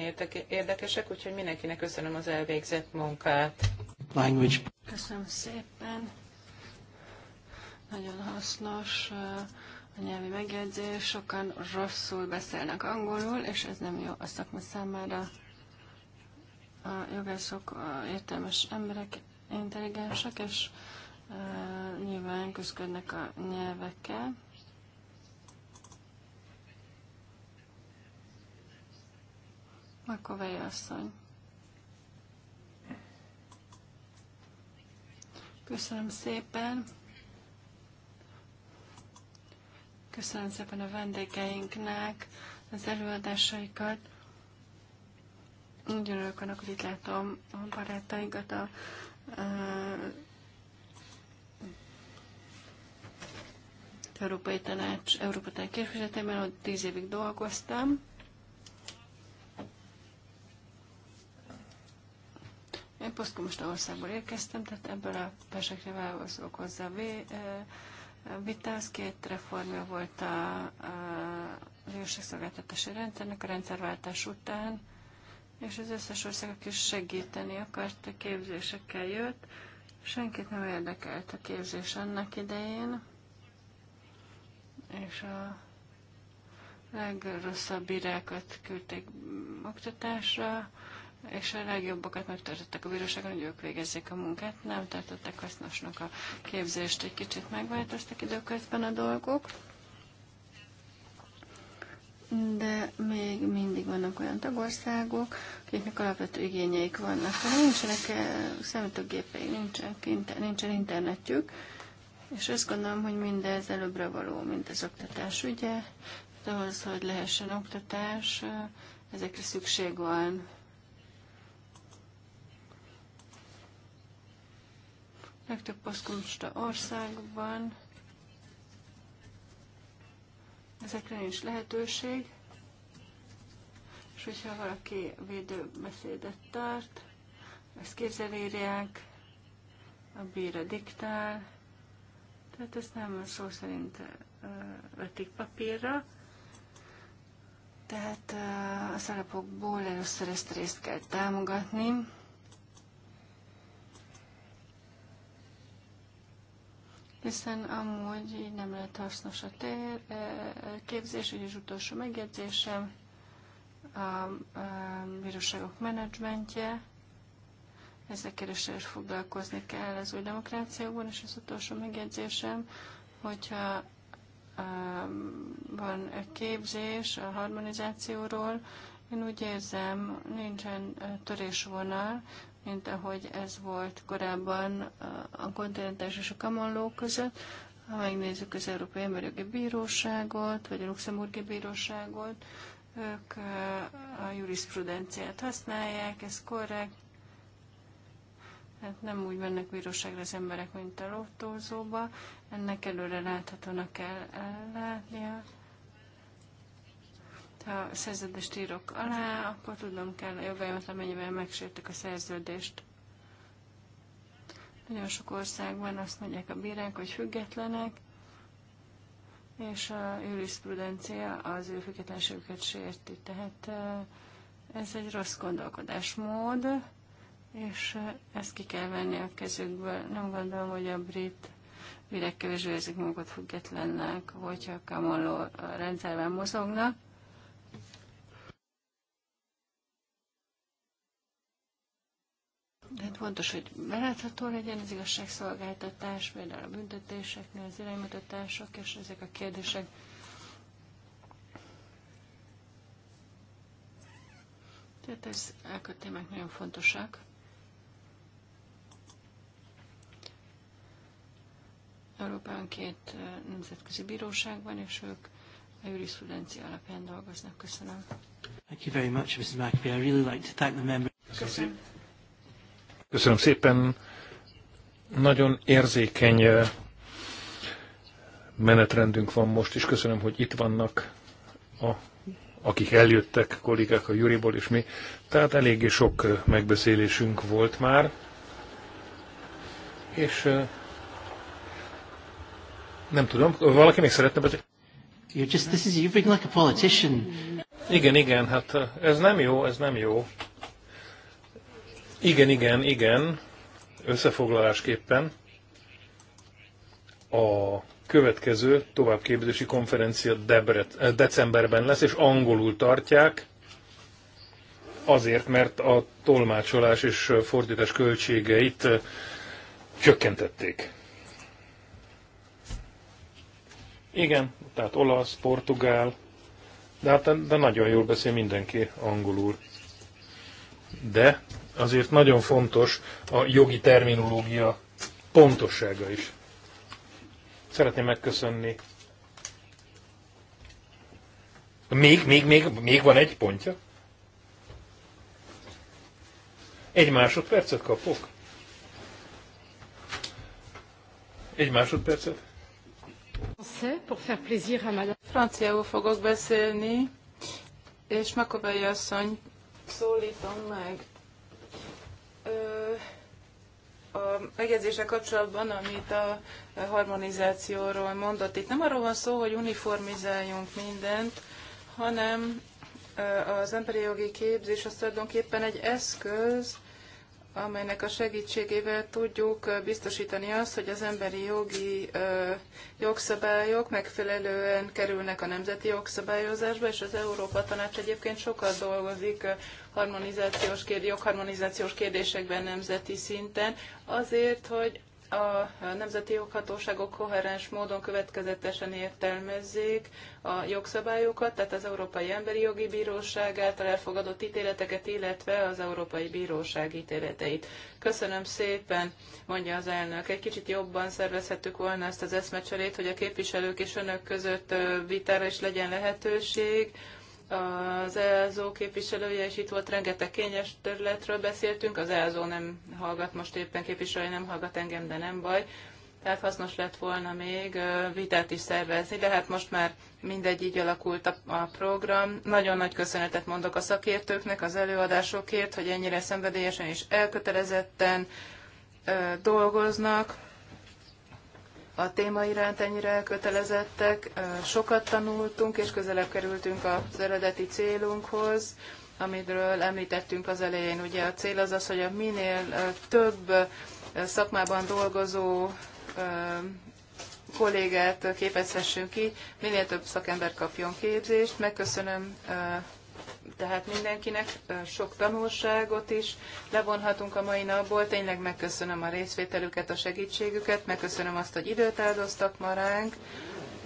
érdekesek, úgyhogy mindenkinek köszönöm az elvégzett munkát. Language. Köszönöm szépen. Nagyon hasznos a nyelvi megjegyzés. Sokan rosszul beszélnek angolul, és ez nem jó a szakma számára. A jogászok a értelmes emberek intelligensek, és uh, nyilván küzdködnek a nyelvekkel. Makovej asszony. Köszönöm szépen. Köszönöm szépen a vendégeinknek az előadásaikat. Úgy örülök annak, hogy itt látom a barátainkat a, a Európai Tanács Európai Tanács képviseletében, ott tíz évig dolgoztam. Én a országból érkeztem, tehát ebből a perspektívából szólok hozzá. vitáz. két reformja volt a, a igazságszolgáltatási rendszernek a rendszerváltás után, és az összes ország, aki segíteni akart, a képzésekkel jött. Senkit nem érdekelt a képzés annak idején, és a legrosszabb irákat küldték oktatásra, és a legjobbakat megtartottak a bíróságon, hogy ők végezzék a munkát, nem tartottak hasznosnak a képzést, egy kicsit megváltoztak időközben a dolgok, de még mindig vannak olyan tagországok, akiknek alapvető igényeik vannak. Ha nincsenek eh, számítógépeik, nincsen, inter, nincsen internetjük, és azt gondolom, hogy mindez előbbre való, mint az oktatás ügye, de ahhoz, hogy lehessen oktatás, eh, ezekre szükség van legtöbb posztkomista országban ezekre nincs lehetőség, és hogyha valaki beszédet tart, ezt kézzelírják, a bíra diktál, tehát ezt nem a szó szerint vetik papírra, tehát a szerepokból először ezt részt kell támogatni, hiszen amúgy így nem lehet hasznos a tér, képzés, így az utolsó megjegyzésem, a, a bíróságok menedzsmentje, ezzel keresel foglalkozni kell az új demokráciában, és az utolsó megjegyzésem, hogyha van egy képzés a harmonizációról, én úgy érzem, nincsen törésvonal, mint ahogy ez volt korábban eh, a kontinentális és a kamanló között. Ha megnézzük az Európai Emberjogi Bíróságot, vagy a Luxemburgi Bíróságot, ők eh, a jurisprudenciát használják, ez korrekt. Hát nem úgy mennek bíróságra az emberek, mint a lottózóba. Ennek előre láthatónak kell eh, látnia ha szerződést írok alá, akkor tudnom kell a jogaimat, amennyivel megsértik a szerződést. Nagyon sok országban azt mondják a bírák, hogy függetlenek, és a jurisprudencia az ő függetlenségüket sérti. Tehát eh, ez egy rossz gondolkodásmód, és eh, ezt ki kell venni a kezükből. Nem gondolom, hogy a brit bírák kevésbé érzik magukat függetlennek, hogyha a kamalló eh, rendszerben mozognak. Hát fontos, hogy belátható legyen az igazságszolgáltatás, például a büntetéseknél, az iránymutatások és ezek a kérdések. Tehát ez, a témák nagyon fontosak. Európában két nemzetközi bíróság van, és ők a jurisprudencia alapján dolgoznak. Köszönöm. Thank you very much, Mrs. McAfee. I really like to thank the members. Köszönöm. Köszönöm szépen. Nagyon érzékeny eh, menetrendünk van most, is köszönöm, hogy itt vannak a akik eljöttek, kollégák a Juriból és mi. Tehát eléggé sok eh, megbeszélésünk volt már. És eh, nem tudom, valaki még szeretne beszélni? You're just, this is, like a politician. Igen, igen, hát ez nem jó, ez nem jó. Igen, igen, igen. Összefoglalásképpen a következő továbbképzési konferencia Debret, eh, decemberben lesz, és angolul tartják, azért, mert a tolmácsolás és fordítás költségeit eh, csökkentették. Igen, tehát olasz, portugál, de hát de nagyon jól beszél mindenki angolul. De azért nagyon fontos a jogi terminológia pontossága is. Szeretném megköszönni. Még, még, még, még van egy pontja? Egy másodpercet kapok? Egy másodpercet? Franciául fogok beszélni, és Makovai asszony szólítom meg a megjegyzése kapcsolatban, amit a harmonizációról mondott. Itt nem arról van szó, hogy uniformizáljunk mindent, hanem az emberi jogi képzés az tulajdonképpen egy eszköz, amelynek a segítségével tudjuk biztosítani azt, hogy az emberi jogi jogszabályok megfelelően kerülnek a nemzeti jogszabályozásba, és az Európa Tanács egyébként sokat dolgozik harmonizációs kérd, jogharmonizációs kérdésekben nemzeti szinten, azért, hogy a nemzeti joghatóságok koherens módon következetesen értelmezzék a jogszabályokat, tehát az Európai Emberi Jogi Bíróság által elfogadott ítéleteket, illetve az Európai Bíróság ítéleteit. Köszönöm szépen, mondja az elnök. Egy kicsit jobban szervezhettük volna ezt az eszmecserét, hogy a képviselők és önök között vitára is legyen lehetőség az ELZO képviselője és itt volt, rengeteg kényes területről beszéltünk, az ELZO nem hallgat most éppen képviselője, nem hallgat engem, de nem baj. Tehát hasznos lett volna még vitát is szervezni, de hát most már mindegy, így alakult a, a program. Nagyon nagy köszönetet mondok a szakértőknek az előadásokért, hogy ennyire szenvedélyesen és elkötelezetten dolgoznak a téma iránt ennyire elkötelezettek, sokat tanultunk, és közelebb kerültünk az eredeti célunkhoz, amiről említettünk az elején. Ugye a cél az az, hogy a minél több szakmában dolgozó kollégát képezhessünk ki, minél több szakember kapjon képzést. Megköszönöm tehát mindenkinek sok tanulságot is levonhatunk a mai napból. Tényleg megköszönöm a részvételüket, a segítségüket, megköszönöm azt, hogy időt áldoztak ma ránk,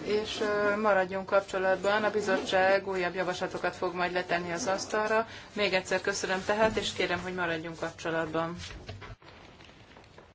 és maradjunk kapcsolatban. A bizottság újabb javaslatokat fog majd letenni az asztalra. Még egyszer köszönöm tehát, és kérem, hogy maradjunk kapcsolatban.